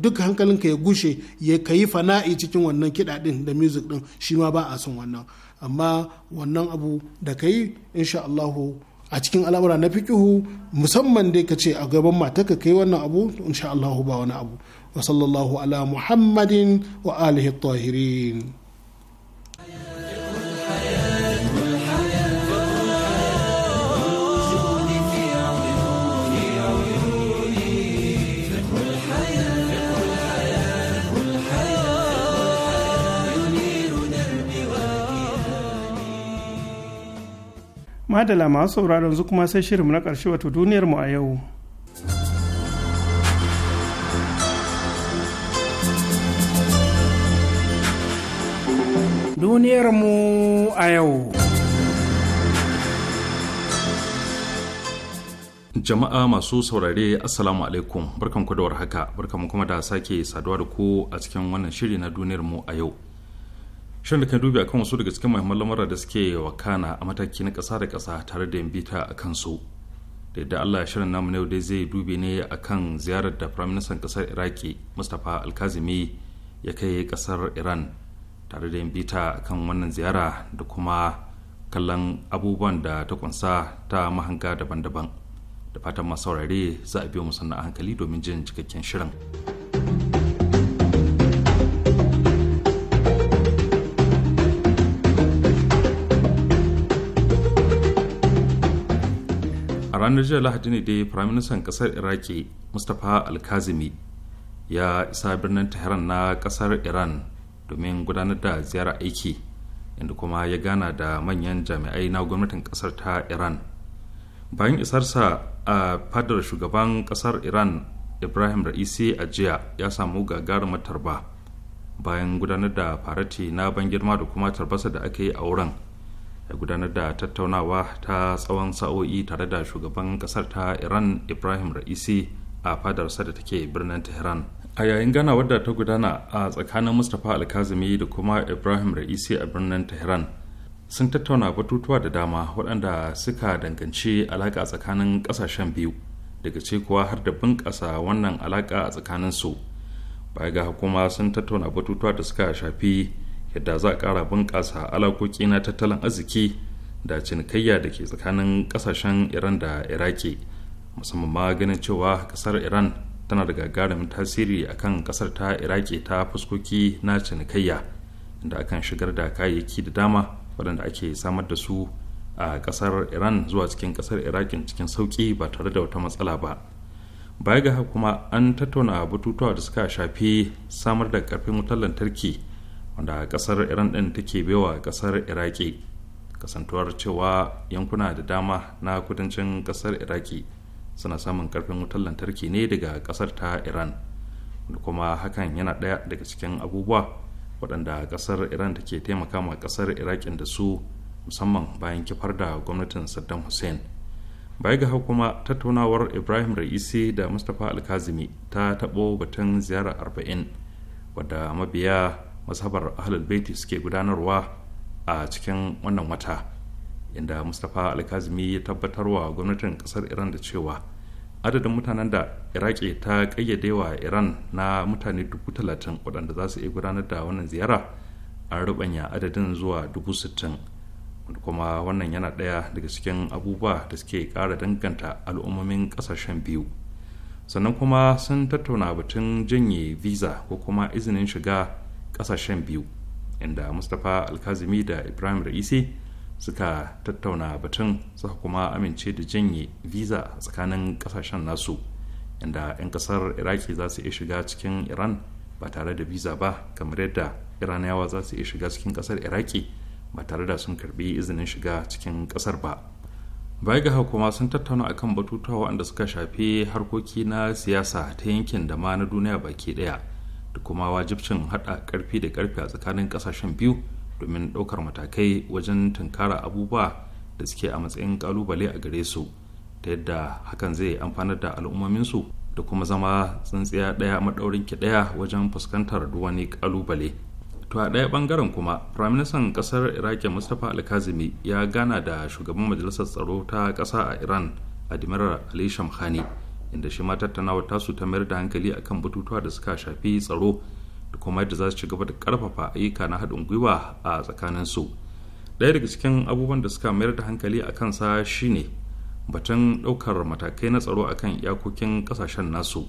[SPEAKER 10] duk hankalinka ya gushe ya kayi fana'i cikin wannan kiɗa ɗin da music ɗin shi ma ba a son wannan amma wannan abu da ka yi insha Allahu a cikin al'amura na fikihu musamman dai ka ce a gaban ka kai wannan abu insha Allahu ba wani abu wa sallallahu ala muhammadin wa alihi tahirin
[SPEAKER 1] madala masu sauraron zu kuma sai shirinmu na ƙarshe wato duniyarmu a yau
[SPEAKER 4] duniyarmu a yau
[SPEAKER 2] jama'a masu saurare assalamu alaikum barkan ku da warhaka barkan kuma da sake saduwa da ku a cikin wannan shiri na duniyarmu a yau shirin da kan dubi akan wasu daga cikin muhimman lamura da suke wakana a mataki na ƙasa da kasa tare da bita a kansu da yadda allah shirin namu na yau dai zai dubi ne akan ziyarar da firaministan ƙasar iraki mustapha alkazimi ya kai kasar iran tare da bita kan wannan ziyara da kuma kallon abubuwan da ta kunsa ta mahanga daban-daban da fatan masu saurare za a biyo a hankali domin jin cikakken shirin. ranar jiya lahadi ne dai firaministan kasar iraki mustapha alkazimi ya isa birnin tehran na kasar iran domin gudanar da ziyara aiki inda kuma ya gana da manyan jami'ai na gwamnatin kasar ta iran bayan isarsa a fadar shugaban kasar iran ibrahim ra'isi a jiya ya samu gagarumar tarba bayan gudanar da farati na ban girma da kuma tarbasa da aka yi a wurin da gudanar da tattaunawa ta tsawon sa'o'i tare da shugaban kasar ta iran ibrahim ra'isi a fadarsa da take birnin tehran a yayin gana wadda ta gudana a tsakanin mustapha alkazimi da kuma ibrahim ra'isi a birnin tehran sun tattauna batutuwa da dama waɗanda suka danganci alaƙa tsakanin ƙasashen biyu daga ce kuwa har da bunƙasa wannan alaƙa a tsakanin su baya ga hukuma sun tattauna batutuwa da suka shafi yadda za a kara bunƙasa alakoki na tattalin arziki da cinikayya da ke tsakanin ƙasashen iran da iraki musamman ma ganin cewa ƙasar iran tana da gagarumin tasiri a kan ƙasar ta iraki ta fuskoki na cinikayya da akan shigar da kayayyaki da dama waɗanda ake samar da su a ƙasar iran zuwa cikin ƙasar iraki cikin sauki ba tare da wata matsala ba baya ga kuma an tattauna batutuwa da suka shafi samar da ƙarfin wutar lantarki wanda kasar iran din take baiwa kasar iraki kasantuwar cewa yankuna da dama na kudancin kasar iraki suna samun karfin wutar lantarki ne daga kasar ta iran wanda kuma hakan yana ɗaya daga cikin abubuwa waɗanda kasar iran take taimaka ma kasar iraki da su musamman bayan kifar da gwamnatin saddam hussein baya ga kuma tattaunawar ibrahim ra'isi da mustapha alkazimi ta taɓo batun ziyara arba'in wadda mabiya mazhabar ahlul baiti suke gudanarwa a cikin wannan wata inda mustapha alkazimi ya tabbatarwa gwamnatin kasar iran da cewa adadin mutanen da iraki ta kayyadewa iran na mutane dubu talatin waɗanda za su iya gudanar da wannan ziyara an rubanya adadin zuwa dubu sittin kuma wannan yana ɗaya daga cikin abubuwa da suke ƙara danganta al'ummomin ƙasashen biyu sannan kuma sun tattauna batun janye visa ko kuma izinin shiga kasashen biyu inda mustapha alkazimi da ibrahim ra'isi suka tattauna batun suka kuma amince da janye visa a tsakanin kasashen nasu inda 'yan kasar iraki za su iya shiga cikin iran ba tare da visa ba kamar yadda iraniyawa za su iya shiga cikin kasar iraki ba tare da sun karbi izinin shiga cikin kasar ba baya ga kuma sun tattauna akan batutuwa wanda suka shafi harkoki na siyasa ta yankin da ma na duniya baki ɗaya da kuma wajibcin hada karfi da karfi a tsakanin kasashen biyu domin daukar matakai wajen tunkara abubuwa da suke a matsayin kalubale a gare su ta yadda hakan zai amfanar da al'ummominsu da kuma zama tsintsiya daya madaurin ki daya wajen fuskantar wani kalubale. to a daya bangaren kuma firaministan kasar iraki mustapha alkazimi ya gana da shugaban majalisar tsaro ta kasa a iran admiral ali shamkhani inda shi ma tattaunawa tasu ta mayar da hankali akan batutuwa da suka shafi tsaro da kuma yadda za su ci gaba da karfafa ayyuka na haɗin gwiwa a tsakanin su ɗaya daga cikin abubuwan da suka mayar da hankali a kansa shine batun ɗaukar matakai na tsaro akan iyakokin ƙasashen nasu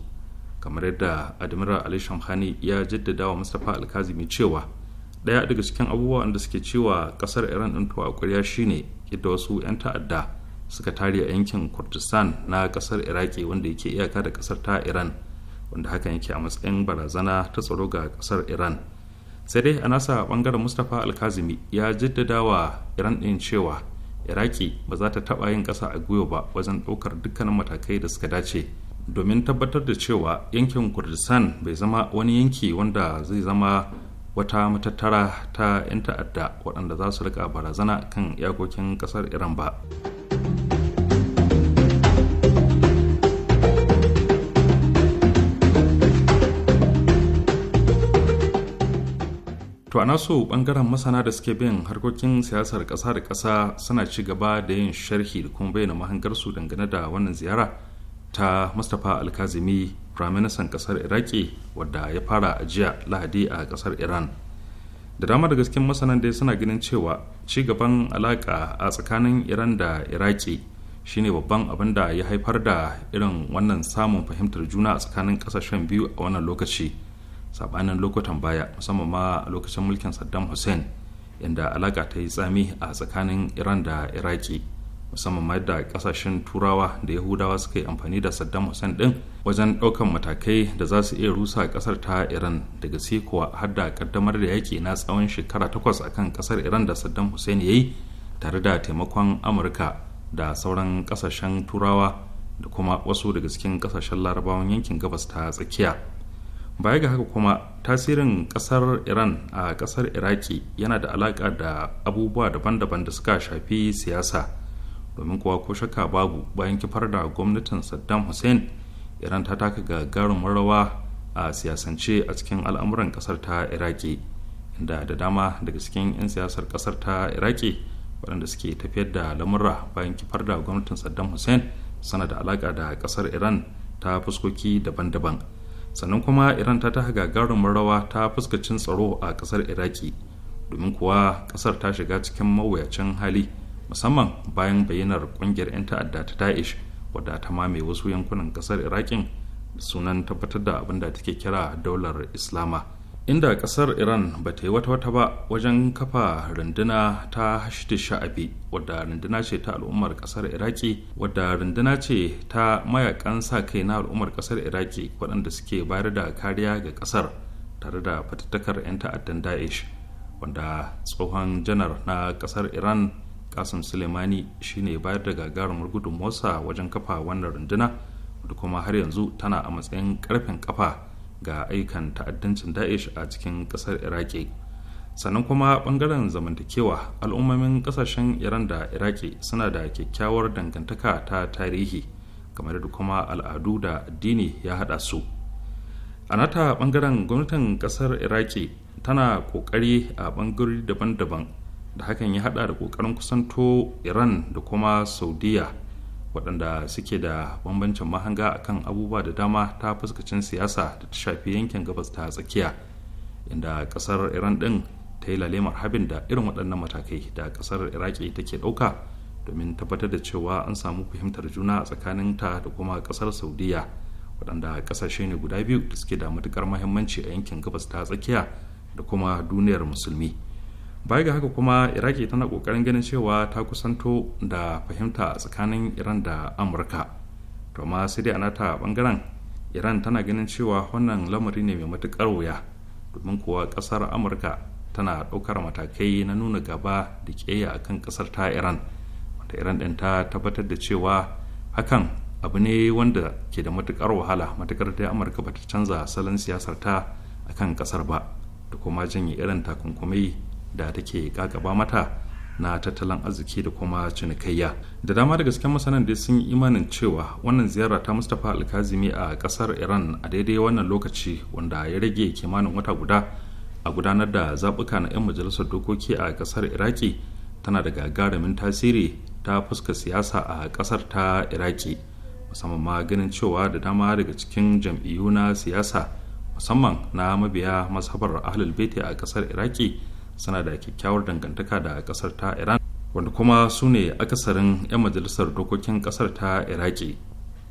[SPEAKER 2] kamar yadda admiral ali shamhani ya jaddada wa mustapha alkazimi cewa ɗaya daga cikin abubuwan da suke cewa ƙasar iran ɗin tuwa ƙwarya shine yadda wasu 'yan ta'adda suka tare a yankin kurdistan na kasar iraki wanda yake iyaka da kasar ta iran wanda hakan yake a matsayin barazana ta tsaro ga kasar iran sai dai a nasa bangaren mustapha alkazimi ya jaddada wa iran din cewa iraki ba za ta taba yin kasa a gwiwa ba wajen daukar dukkanin matakai da suka dace domin tabbatar da cewa yankin kurdistan bai zama wani yanki wanda zai zama wata matattara ta 'yan ta'adda waɗanda za su riƙa barazana kan iyakokin ƙasar iran ba. To a nasu bangaren masana da suke bin harkokin siyasar ƙasa da ƙasa suna ci gaba da yin sharhi da kuma bayyana mahangarsu dangane da wannan ziyara ta Mustapha Alkazimi, firaministan ƙasar Iraki wadda ya fara a jiya Lahadi a ƙasar Iran. da dama da gasken masanan dai suna ganin cewa ci gaban alaka a tsakanin iran da iraki shine babban abin da ya haifar da irin wannan samun fahimtar juna a tsakanin kasashen biyu a wannan lokaci sabanin lokutan baya musamman ma a lokacin mulkin saddam hussein inda alaka ta yi tsami a tsakanin iran da iraki musamman ma yadda kasashen turawa da yahudawa suka yi amfani da saddam hussein din wajen daukan matakai da za su iya rusa kasar ta iran daga sai har da kaddamar da yaki na tsawon shekara takwas akan kasar iran da saddam hussein ya yi tare da taimakon amurka da sauran kasashen turawa da kuma wasu daga cikin kasashen larabawan yankin gabas ta tsakiya baya ga haka kuma tasirin kasar iran a kasar iraki yana da alaka da abubuwa daban-daban da suka shafi siyasa domin kuwa ko shakka babu bayan kifar da gwamnatin saddam hussein iran ta taka gagarumin rawa a siyasance a cikin al'amuran kasar ta iraki inda da dama daga cikin 'yan siyasar kasar ta iraki waɗanda suke tafiyar da lamurra bayan kifar da gwamnatin saddam hussein sana da alaƙa da kasar iran ta fuskoki daban-daban sannan kuma iran ta taka gagarumin rawa ta fuskacin tsaro a kasar iraki domin kuwa kasar ta shiga cikin mawuyacin hali musamman bayan bayyanar kungiyar 'yan ta'adda ta daesh wadda ta mame wasu yankunan kasar irakin sunan tabbatar da abin da take kira daular islama inda kasar iran ba ta yi wata wata ba wajen kafa runduna ta hashti sha'abi wadda runduna ce ta al'ummar kasar iraki wadda runduna ce ta mayakan sa kai na al'ummar kasar iraki waɗanda suke bayar da kariya ga kasar tare da fatattakar 'yan ta'addan daesh wanda tsohon janar na kasar iran kasim suleimani shine bayar da gagarumar gudunmuwarsa wajen kafa wannan runduna da kuma har yanzu tana a matsayin karfin kafa ga aikan ta'addancin da'ish a cikin kasar iraki sannan kuma bangaren zamantakewa al'ummomin kasashen iran da iraki suna da kyakkyawar dangantaka ta tarihi kamar da kuma al'adu da addini ya hada su a nata bangaren gwamnatin kasar iraki tana kokari a bangarori daban-daban da hakan ya hada da kokarin kusanto iran da kuma saudiya waɗanda suke da bambancin mahanga a kan abubuwa da dama ta fuskacin siyasa da ta shafi yankin gabas ta tsakiya inda ƙasar iran ɗin ta yi lalemar habin da irin waɗannan matakai da ƙasar iraki take ɗauka domin tabbatar da cewa an samu fahimtar juna a tsakanin ta da kuma ƙasar saudiya waɗanda ƙasashe ne guda biyu da suke da matuƙar mahimmanci a yankin gabas ta tsakiya da kuma duniyar musulmi baya ga haka kuma iraki tana kokarin ganin cewa ta kusanto da fahimta tsakanin iran da amurka to ma sai dai a nata bangaren iran tana ganin cewa wannan lamari ne mai matukar wuya domin kuwa kasar amurka tana ɗaukar matakai na nuna gaba da ƙeya akan kasar ta iran wanda iran ɗin ta tabbatar da cewa hakan abu ne wanda ke da matukar wahala matukar da amurka ba ta canza salon siyasar ta akan kasar ba da kuma janye irin takunkumai da take gagaba mata na tattalin arziki da kuma cinikayya da dama daga gaske masanan da sun yi imanin cewa wannan ziyara ta mustapha alkazimi a kasar iran a daidai wannan lokaci wanda ya rage kimanin wata guda a gudanar da zaɓuka na 'yan majalisar dokoki a kasar iraki tana da gagarumin tasiri ta fuska siyasa a kasar ta iraki musamman ma ganin cewa da dama daga cikin jam'iyyu na siyasa musamman na mabiya masabar ahlul baiti a kasar iraki suna da kyakkyawar dangantaka da kasar ta iran wanda kuma su ne akasarin 'yan majalisar dokokin kasar ta iraki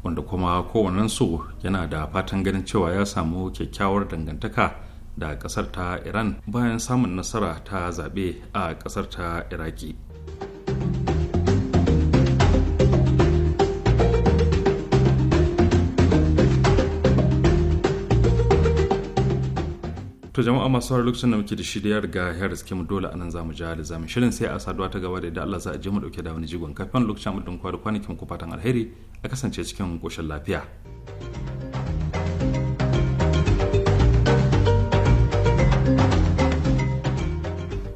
[SPEAKER 2] wanda kuma kowannensu yana da fatan ganin cewa ya samu kyakkyawar dangantaka da kasar ta iran bayan samun nasara ta zaɓe a kasar ta iraki to jama'a masu sauraro lokacin da muke da shi da ya riga ya riske mu dole anan zamu ja da zamu shirin sai a saduwa ta gaba da idan Allah za a je mu dauke da wani jigon kafin lokacin mu dinkwa da kwanakin ku fatan alheri a kasance cikin koshin lafiya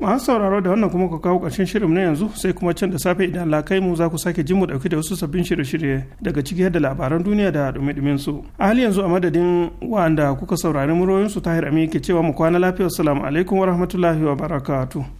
[SPEAKER 1] masu sauraro da wannan kuma ku kawo ƙarshen shirin na yanzu sai kuma can da safe idan lakai mu za ku sake jin mu ɗauki da wasu sabbin shirye-shirye daga ciki da labaran duniya da dumi-dumin su a hali yanzu a madadin wanda kuka saurari muroyin su tahir amin ke cewa mu kwana lafiya assalamu alaikum wa rahmatullahi wa barakatuh